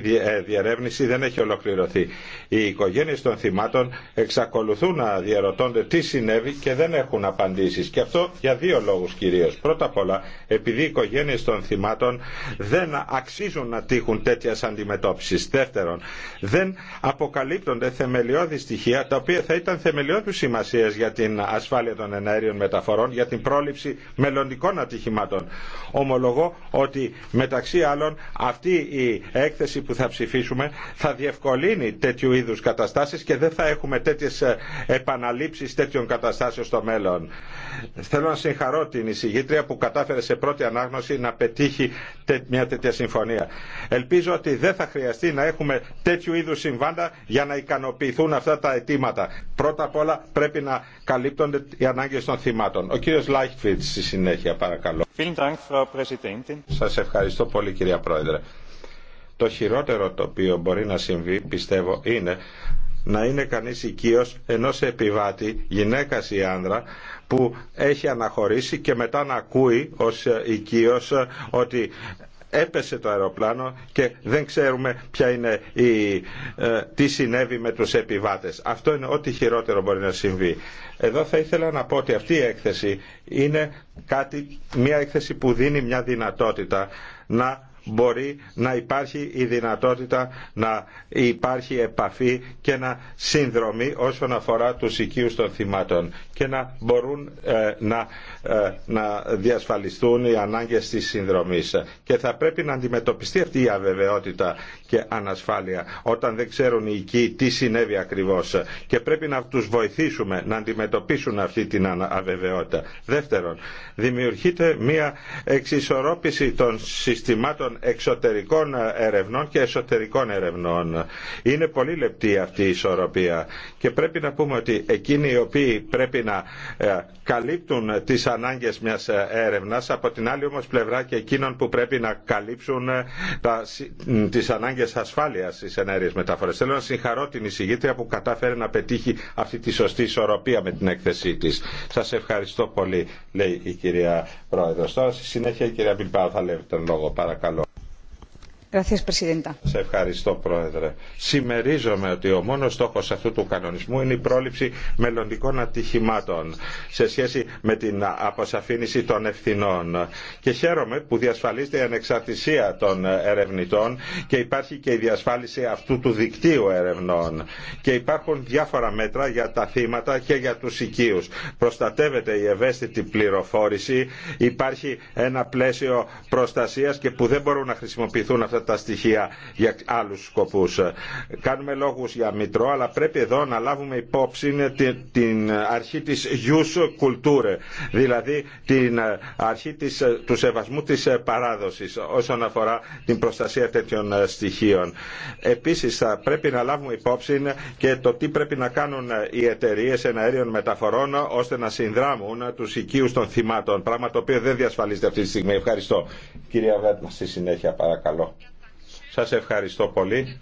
διερεύνηση δεν έχει ολοκληρωθεί. Οι οικογένειες των θυμάτων εξακολουθούν να διαρωτώνται τι συνέβη και δεν έχουν απαντήσεις. Και αυτό για δύο λόγους κυρίως. Πρώτα απ' όλα επειδή οι οικογένειες των θυμάτων δεν να αξίζουν να τύχουν τέτοια αντιμετώπιση. Δεύτερον, δεν αποκαλύπτονται θεμελιώδη στοιχεία τα οποία θα ήταν θεμελιώδη σημασία για την ασφάλεια των εναέριων μεταφορών, για την πρόληψη μελλοντικών ατυχημάτων. Ομολογώ ότι μεταξύ άλλων αυτή η έκθεση που θα ψηφίσουμε θα διευκολύνει τέτοιου είδου καταστάσει και δεν θα έχουμε τέτοιε επαναλήψει τέτοιων καταστάσεων στο μέλλον. Θέλω να συγχαρώ την εισηγήτρια που κατάφερε σε πρώτη ανάγνωση να πετύχει μια τέτοια συμφωνία. Ελπίζω ότι δεν θα χρειαστεί να έχουμε τέτοιου είδου συμβάντα για να ικανοποιηθούν αυτά τα αιτήματα. Πρώτα απ' όλα πρέπει να καλύπτονται οι ανάγκε των θυμάτων. Ο κύριο Λάιχτφιτ στη συνέχεια, παρακαλώ. Σα ευχαριστώ πολύ, κυρία Πρόεδρε. Το χειρότερο το οποίο μπορεί να συμβεί, πιστεύω, είναι να είναι κανείς οικείος ενός επιβάτη, γυναίκας ή άνδρα, που έχει αναχωρήσει και μετά να ακούει ως οικείος ότι έπεσε το αεροπλάνο και δεν ξέρουμε ποια είναι η, ε, τι συνέβη με τους επιβάτες. Αυτό είναι ό,τι χειρότερο μπορεί να συμβεί. Εδώ θα ήθελα να πω ότι αυτή η έκθεση είναι κάτι, μια έκθεση που δίνει μια δυνατότητα να μπορεί να υπάρχει η δυνατότητα να υπάρχει επαφή και να συνδρομή όσον αφορά τους οικείους των θυμάτων και να μπορούν ε, να, ε, να διασφαλιστούν οι ανάγκες της συνδρομής. Και θα πρέπει να αντιμετωπιστεί αυτή η αβεβαιότητα και ανασφάλεια όταν δεν ξέρουν οι οικοί τι συνέβη ακριβώς και πρέπει να τους βοηθήσουμε να αντιμετωπίσουν αυτή την αβεβαιότητα. Δεύτερον, δημιουργείται μια εξισορρόπηση των συστημάτων εξωτερικών ερευνών και εσωτερικών ερευνών. Είναι πολύ λεπτή αυτή η ισορροπία και πρέπει να πούμε ότι εκείνοι οι οποίοι πρέπει να ε, καλύπτουν τις ανάγκες μιας ε, έρευνας, από την άλλη όμως πλευρά και εκείνων που πρέπει να καλύψουν ε, τα, τις ανάγκες ασφάλειας στις ενέργειες μεταφορές. Θέλω να συγχαρώ την εισηγήτρια που κατάφερε να πετύχει αυτή τη σωστή ισορροπία με την έκθεσή της. Σας ευχαριστώ πολύ, λέει η κυρία Πρόεδρος. Τώρα στη συνέχεια η κυρία Μπιλπάου θα λέει τον λόγο, παρακαλώ. Σε ευχαριστώ Πρόεδρε. Συμμερίζομαι ότι ο μόνος στόχος αυτού του κανονισμού είναι η πρόληψη μελλοντικών ατυχημάτων σε σχέση με την αποσαφήνιση των ευθυνών. Και χαίρομαι που διασφαλίζεται η ανεξαρτησία των ερευνητών και υπάρχει και η διασφάλιση αυτού του δικτύου ερευνών. Και υπάρχουν διάφορα μέτρα για τα θύματα και για τους οικείους. Προστατεύεται η ευαίσθητη πληροφόρηση, υπάρχει ένα πλαίσιο προστασίας και που δεν μπορούν να χρησιμοποιηθούν αυτά τα στοιχεία για άλλους σκοπούς. Κάνουμε λόγους για μητρό, αλλά πρέπει εδώ να λάβουμε υπόψη την αρχή της γιους κουλτούρε, δηλαδή την αρχή της, του σεβασμού της παράδοσης όσον αφορά την προστασία τέτοιων στοιχείων. Επίσης θα πρέπει να λάβουμε υπόψη και το τι πρέπει να κάνουν οι εταιρείε εναέριων μεταφορών ώστε να συνδράμουν τους οικείους των θυμάτων, πράγμα το οποίο δεν διασφαλίζεται αυτή τη στιγμή. Ευχαριστώ. Κυρία Βέτμα, στη συνέχεια παρακαλώ. Σας ευχαριστώ πολύ.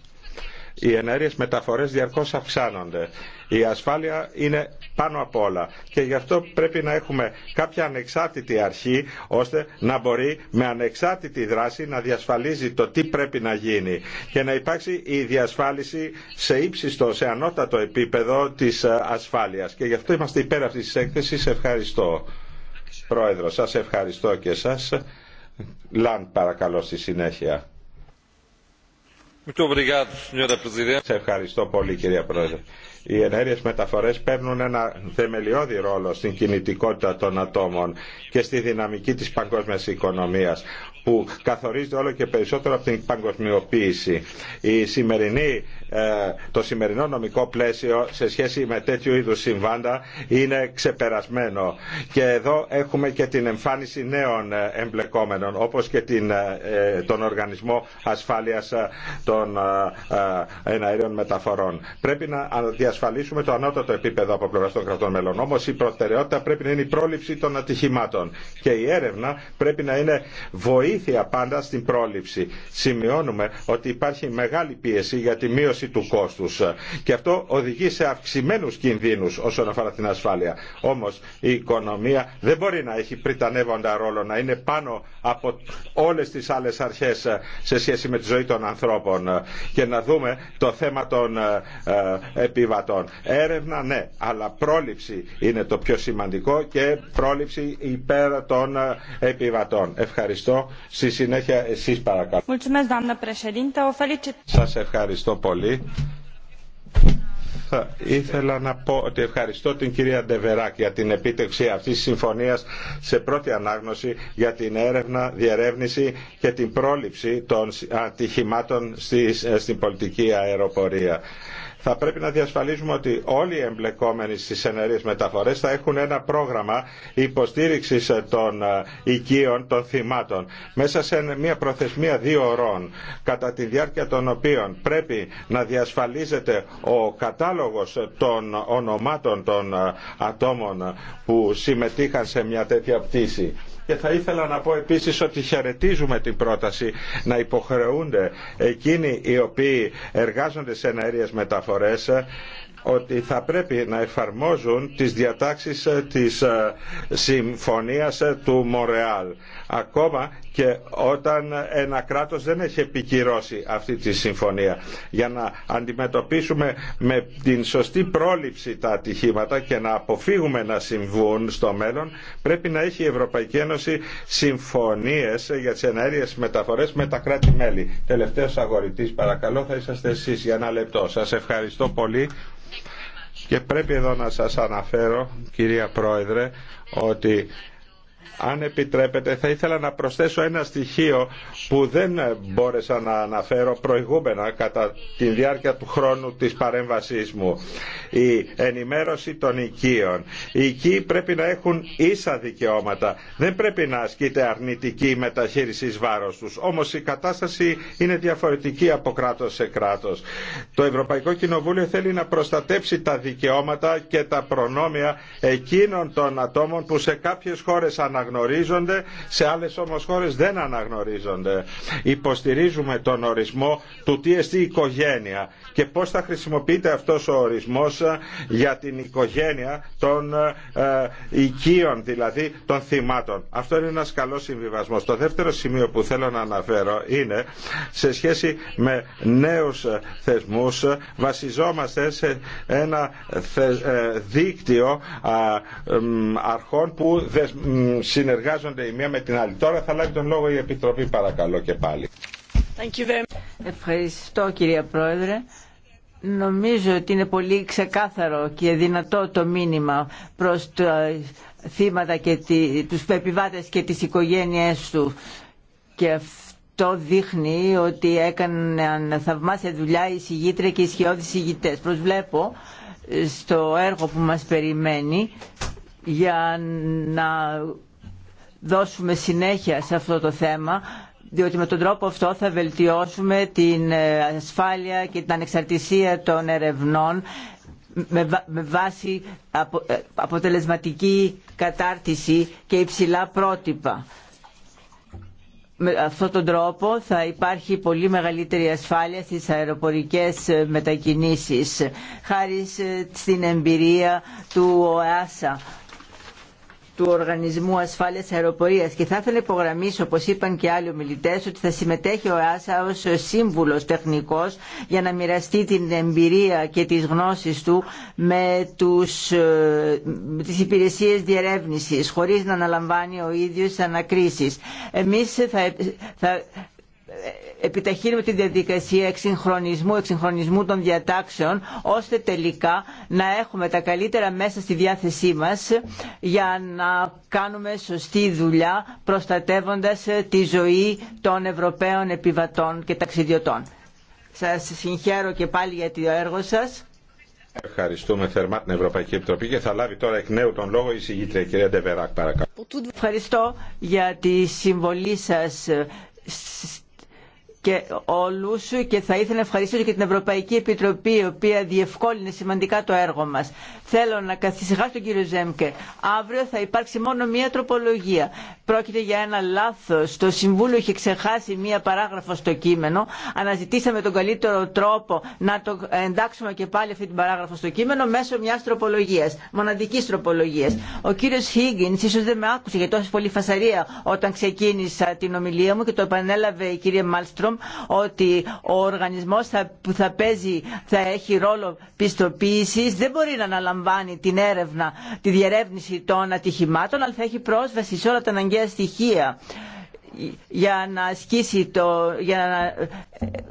Οι ενέργειες μεταφορές διαρκώς αυξάνονται. Η ασφάλεια είναι πάνω απ' όλα και γι' αυτό πρέπει να έχουμε κάποια ανεξάρτητη αρχή ώστε να μπορεί με ανεξάρτητη δράση να διασφαλίζει το τι πρέπει να γίνει και να υπάρξει η διασφάλιση σε ύψιστο, σε ανώτατο επίπεδο της ε, ασφάλειας. Και γι' αυτό είμαστε υπέρ αυτής της έκθεσης. Ευχαριστώ. Πρόεδρο, σας ευχαριστώ και σας. Λαν παρακαλώ στη συνέχεια. Σε ευχαριστώ πολύ κυρία Πρόεδρε οι ενέργειες μεταφορές παίρνουν ένα θεμελιώδη ρόλο στην κινητικότητα των ατόμων και στη δυναμική της παγκόσμιας οικονομίας που καθορίζεται όλο και περισσότερο από την παγκοσμιοποίηση. Η σημερινή, ε, το σημερινό νομικό πλαίσιο σε σχέση με τέτοιου είδους συμβάντα είναι ξεπερασμένο και εδώ έχουμε και την εμφάνιση νέων ε, εμπλεκόμενων όπως και την, ε, τον Οργανισμό Ασφάλειας των Εναέριων Μεταφορών. Πρέπει να διασφαλίσουμε το ανώτατο επίπεδο από πλευρά των κρατών μελών. Όμω η προτεραιότητα πρέπει να είναι η πρόληψη των ατυχημάτων και η έρευνα πρέπει να είναι βοήθεια πάντα στην πρόληψη. Σημειώνουμε ότι υπάρχει μεγάλη πίεση για τη μείωση του κόστου και αυτό οδηγεί σε αυξημένου κινδύνου όσον αφορά την ασφάλεια. Όμω η οικονομία δεν μπορεί να έχει πριτανεύοντα ρόλο, να είναι πάνω από όλε τι άλλε αρχέ ε, σε σχέση με τη ζωή των ανθρώπων ε, και να δούμε το θέμα των ε, επιβατών Έρευνα ναι, αλλά πρόληψη είναι το πιο σημαντικό και πρόληψη υπέρ των ε, επιβατών. Ευχαριστώ. Στη συνέχεια εσείς παρακαλώ. Σας ευχαριστώ πολύ. Θα ήθελα να πω ότι ευχαριστώ την κυρία Ντεβεράκ για την επίτευξη αυτής της συμφωνίας σε πρώτη ανάγνωση για την έρευνα, διερεύνηση και την πρόληψη των ατυχημάτων ε, στην πολιτική αεροπορία θα πρέπει να διασφαλίσουμε ότι όλοι οι εμπλεκόμενοι στις ενεργέ μεταφορές θα έχουν ένα πρόγραμμα υποστήριξης των ε, οικείων των θυμάτων μέσα σε μια προθεσμία δύο ωρών κατά τη διάρκεια των οποίων πρέπει να διασφαλίζεται ο κατάλογος των ονομάτων των ε, ατόμων που συμμετείχαν σε μια τέτοια πτήση και θα ήθελα να πω επίσης ότι χαιρετίζουμε την πρόταση να υποχρεούνται εκείνοι οι οποίοι εργάζονται σε αερίες μεταφορές ότι θα πρέπει να εφαρμόζουν τις διατάξεις ε, της ε, συμφωνίας ε, του Μορεάλ ακόμα και όταν ένα κράτος δεν έχει επικυρώσει αυτή τη συμφωνία για να αντιμετωπίσουμε με την σωστή πρόληψη τα ατυχήματα και να αποφύγουμε να συμβούν στο μέλλον πρέπει να έχει η Ευρωπαϊκή Ένωση συμφωνίες για τις εναέριες μεταφορές με τα κράτη-μέλη. Τελευταίος αγορητής παρακαλώ θα είσαστε εσείς για ένα λεπτό. Σας ευχαριστώ πολύ. Και πρέπει εδώ να σας αναφέρω, κυρία Πρόεδρε, ότι αν επιτρέπετε, θα ήθελα να προσθέσω ένα στοιχείο που δεν μπόρεσα να αναφέρω προηγούμενα κατά τη διάρκεια του χρόνου της παρέμβασής μου. Η ενημέρωση των οικείων. Οι οικοί πρέπει να έχουν ίσα δικαιώματα. Δεν πρέπει να ασκείται αρνητική μεταχείριση βάρος τους. Όμως η κατάσταση είναι διαφορετική από κράτος σε κράτος. Το Ευρωπαϊκό Κοινοβούλιο θέλει να προστατέψει τα δικαιώματα και τα προνόμια εκείνων των ατόμων που σε κάποιες χώρες αναγνωρίζονται, σε άλλες όμω χώρε δεν αναγνωρίζονται. Υποστηρίζουμε τον ορισμό του τι εστί οικογένεια και πώς θα χρησιμοποιείται αυτός ο ορισμός ε, για την οικογένεια των ε, ε, οικείων, δηλαδή των θυμάτων. Αυτό είναι ένας καλό συμβιβασμός. Το δεύτερο σημείο που θέλω να αναφέρω είναι σε σχέση με νέους θεσμούς βασιζόμαστε σε ένα δίκτυο αρχών που συνεργάζονται η μία με την άλλη. Τώρα θα λάβει τον λόγο η Επιτροπή παρακαλώ και πάλι. Ευχαριστώ κυρία Πρόεδρε. Νομίζω ότι είναι πολύ ξεκάθαρο και δυνατό το μήνυμα προς τα θύματα και τους επιβάτες και τις οικογένειές του. Και αυτό δείχνει ότι έκαναν θαυμάσια δουλειά οι συγγήτρια και οι σχεώδεις συγγητές. Προσβλέπω ε, στο έργο που μας περιμένει για να δώσουμε συνέχεια σε αυτό το θέμα διότι με τον τρόπο αυτό θα βελτιώσουμε την ε, ασφάλεια και την ανεξαρτησία των ερευνών με βάση ε, αποτελεσματική κατάρτιση και υψηλά πρότυπα. Με αυτόν τον τρόπο θα υπάρχει πολύ μεγαλύτερη ασφάλεια στις αεροπορικές ε, μετακινήσεις χάρη στην εμπειρία του ΟΑΣΑ του Οργανισμού Ασφάλειας Αεροπορία και θα ήθελα να υπογραμμίσω, όπως είπαν και άλλοι ομιλητέ, ότι θα συμμετέχει ο ΕΑΣΑ ω σύμβουλο τεχνικός για να μοιραστεί την εμπειρία και τις γνώσεις του με τους, ε, τις υπηρεσίες χωρί χωρίς να αναλαμβάνει ο ίδιος ανακρίσεις. Εμείς θα, θα, επιταχύνουμε τη διαδικασία εξυγχρονισμού, εξυγχρονισμού των διατάξεων, ώστε τελικά να έχουμε τα καλύτερα μέσα στη διάθεσή μας για να κάνουμε σωστή δουλειά προστατεύοντας τη ζωή των Ευρωπαίων επιβατών και ταξιδιωτών. Σας συγχαίρω και πάλι για το έργο σας. Ευχαριστούμε θερμά την Ευρωπαϊκή Επιτροπή και θα λάβει τώρα εκ νέου τον λόγο η κυρία Ντεβεράκ Ευχαριστώ για τη συμβολή σας και όλους και θα ήθελα να ευχαριστήσω και την Ευρωπαϊκή Επιτροπή η οποία διευκόλυνε σημαντικά το έργο μας. Θέλω να καθυσυχάσω τον κύριο Ζέμκε. Αύριο θα υπάρξει μόνο μία τροπολογία. Πρόκειται για ένα λάθο. Το Συμβούλιο είχε ξεχάσει μία παράγραφο στο κείμενο. Αναζητήσαμε τον καλύτερο τρόπο να το εντάξουμε και πάλι αυτή την παράγραφο στο κείμενο μέσω μια τροπολογία, μοναδική τροπολογία. Ο κύριο Χίγκιν ίσω δεν με άκουσε για τόση πολύ φασαρία όταν ξεκίνησα την ομιλία μου και το επανέλαβε η κυρία Μάλστρομ ότι ο οργανισμό που θα παίζει θα έχει ρόλο πιστοποίηση δεν μπορεί να αναλαμβάνει την έρευνα, τη διερεύνηση των ατυχημάτων, αλλά θα έχει πρόσβαση σε όλα τα αναγκαία στοιχεία για να ασκήσει το, για να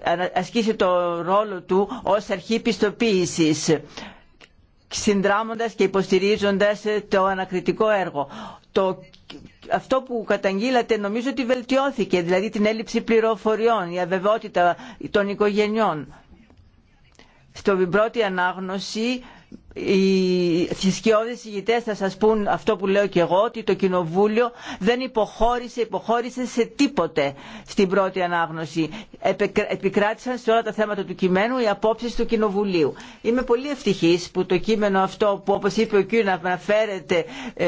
ε, ε, ασκήσει το ρόλο του ως αρχή πιστοποίησης συνδράμοντας και υποστηρίζοντας το ανακριτικό έργο. Το, αυτό που καταγγείλατε νομίζω ότι βελτιώθηκε, δηλαδή την έλλειψη πληροφοριών, η αβεβαιότητα των οικογενειών. Στην πρώτη ανάγνωση οι σκιώδεις ηγητές θα σας πούν αυτό που λέω και εγώ ότι το κοινοβούλιο δεν υποχώρησε, υποχώρησε σε τίποτε στην πρώτη ανάγνωση. Επικράτησαν σε όλα τα θέματα του κειμένου οι απόψεις του κοινοβουλίου. Είμαι πολύ ευτυχής που το κείμενο αυτό που όπως είπε ο Κιούνα αναφέρεται ε,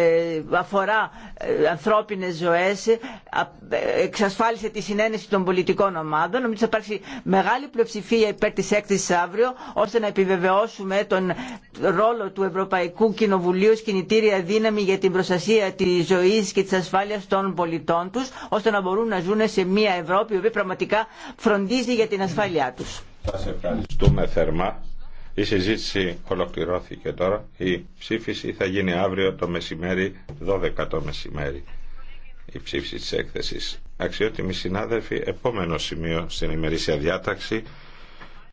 αφορά ε, ανθρώπινες ζωές ε, εξασφάλισε τη συνένεση των πολιτικών ομάδων. Νομίζω θα υπάρξει μεγάλη πλειοψηφία υπέρ της έκθεσης αύριο ώστε να επιβεβαιώσουμε τον ρόλο του Ευρωπαϊκού Κοινοβουλίου ως κινητήρια δύναμη για την προστασία της ζωής και της ασφάλειας των πολιτών τους, ώστε να μπορούν να ζουν σε μια Ευρώπη που πραγματικά φροντίζει για την ασφάλειά τους. Σας ευχαριστούμε θερμά. Η συζήτηση ολοκληρώθηκε τώρα. Η ψήφιση θα γίνει αύριο το μεσημέρι, 12 το μεσημέρι. Η ψήφιση της έκθεσης. Αξιότιμοι συνάδελφοι, επόμενο σημείο στην ημερήσια διάταξη.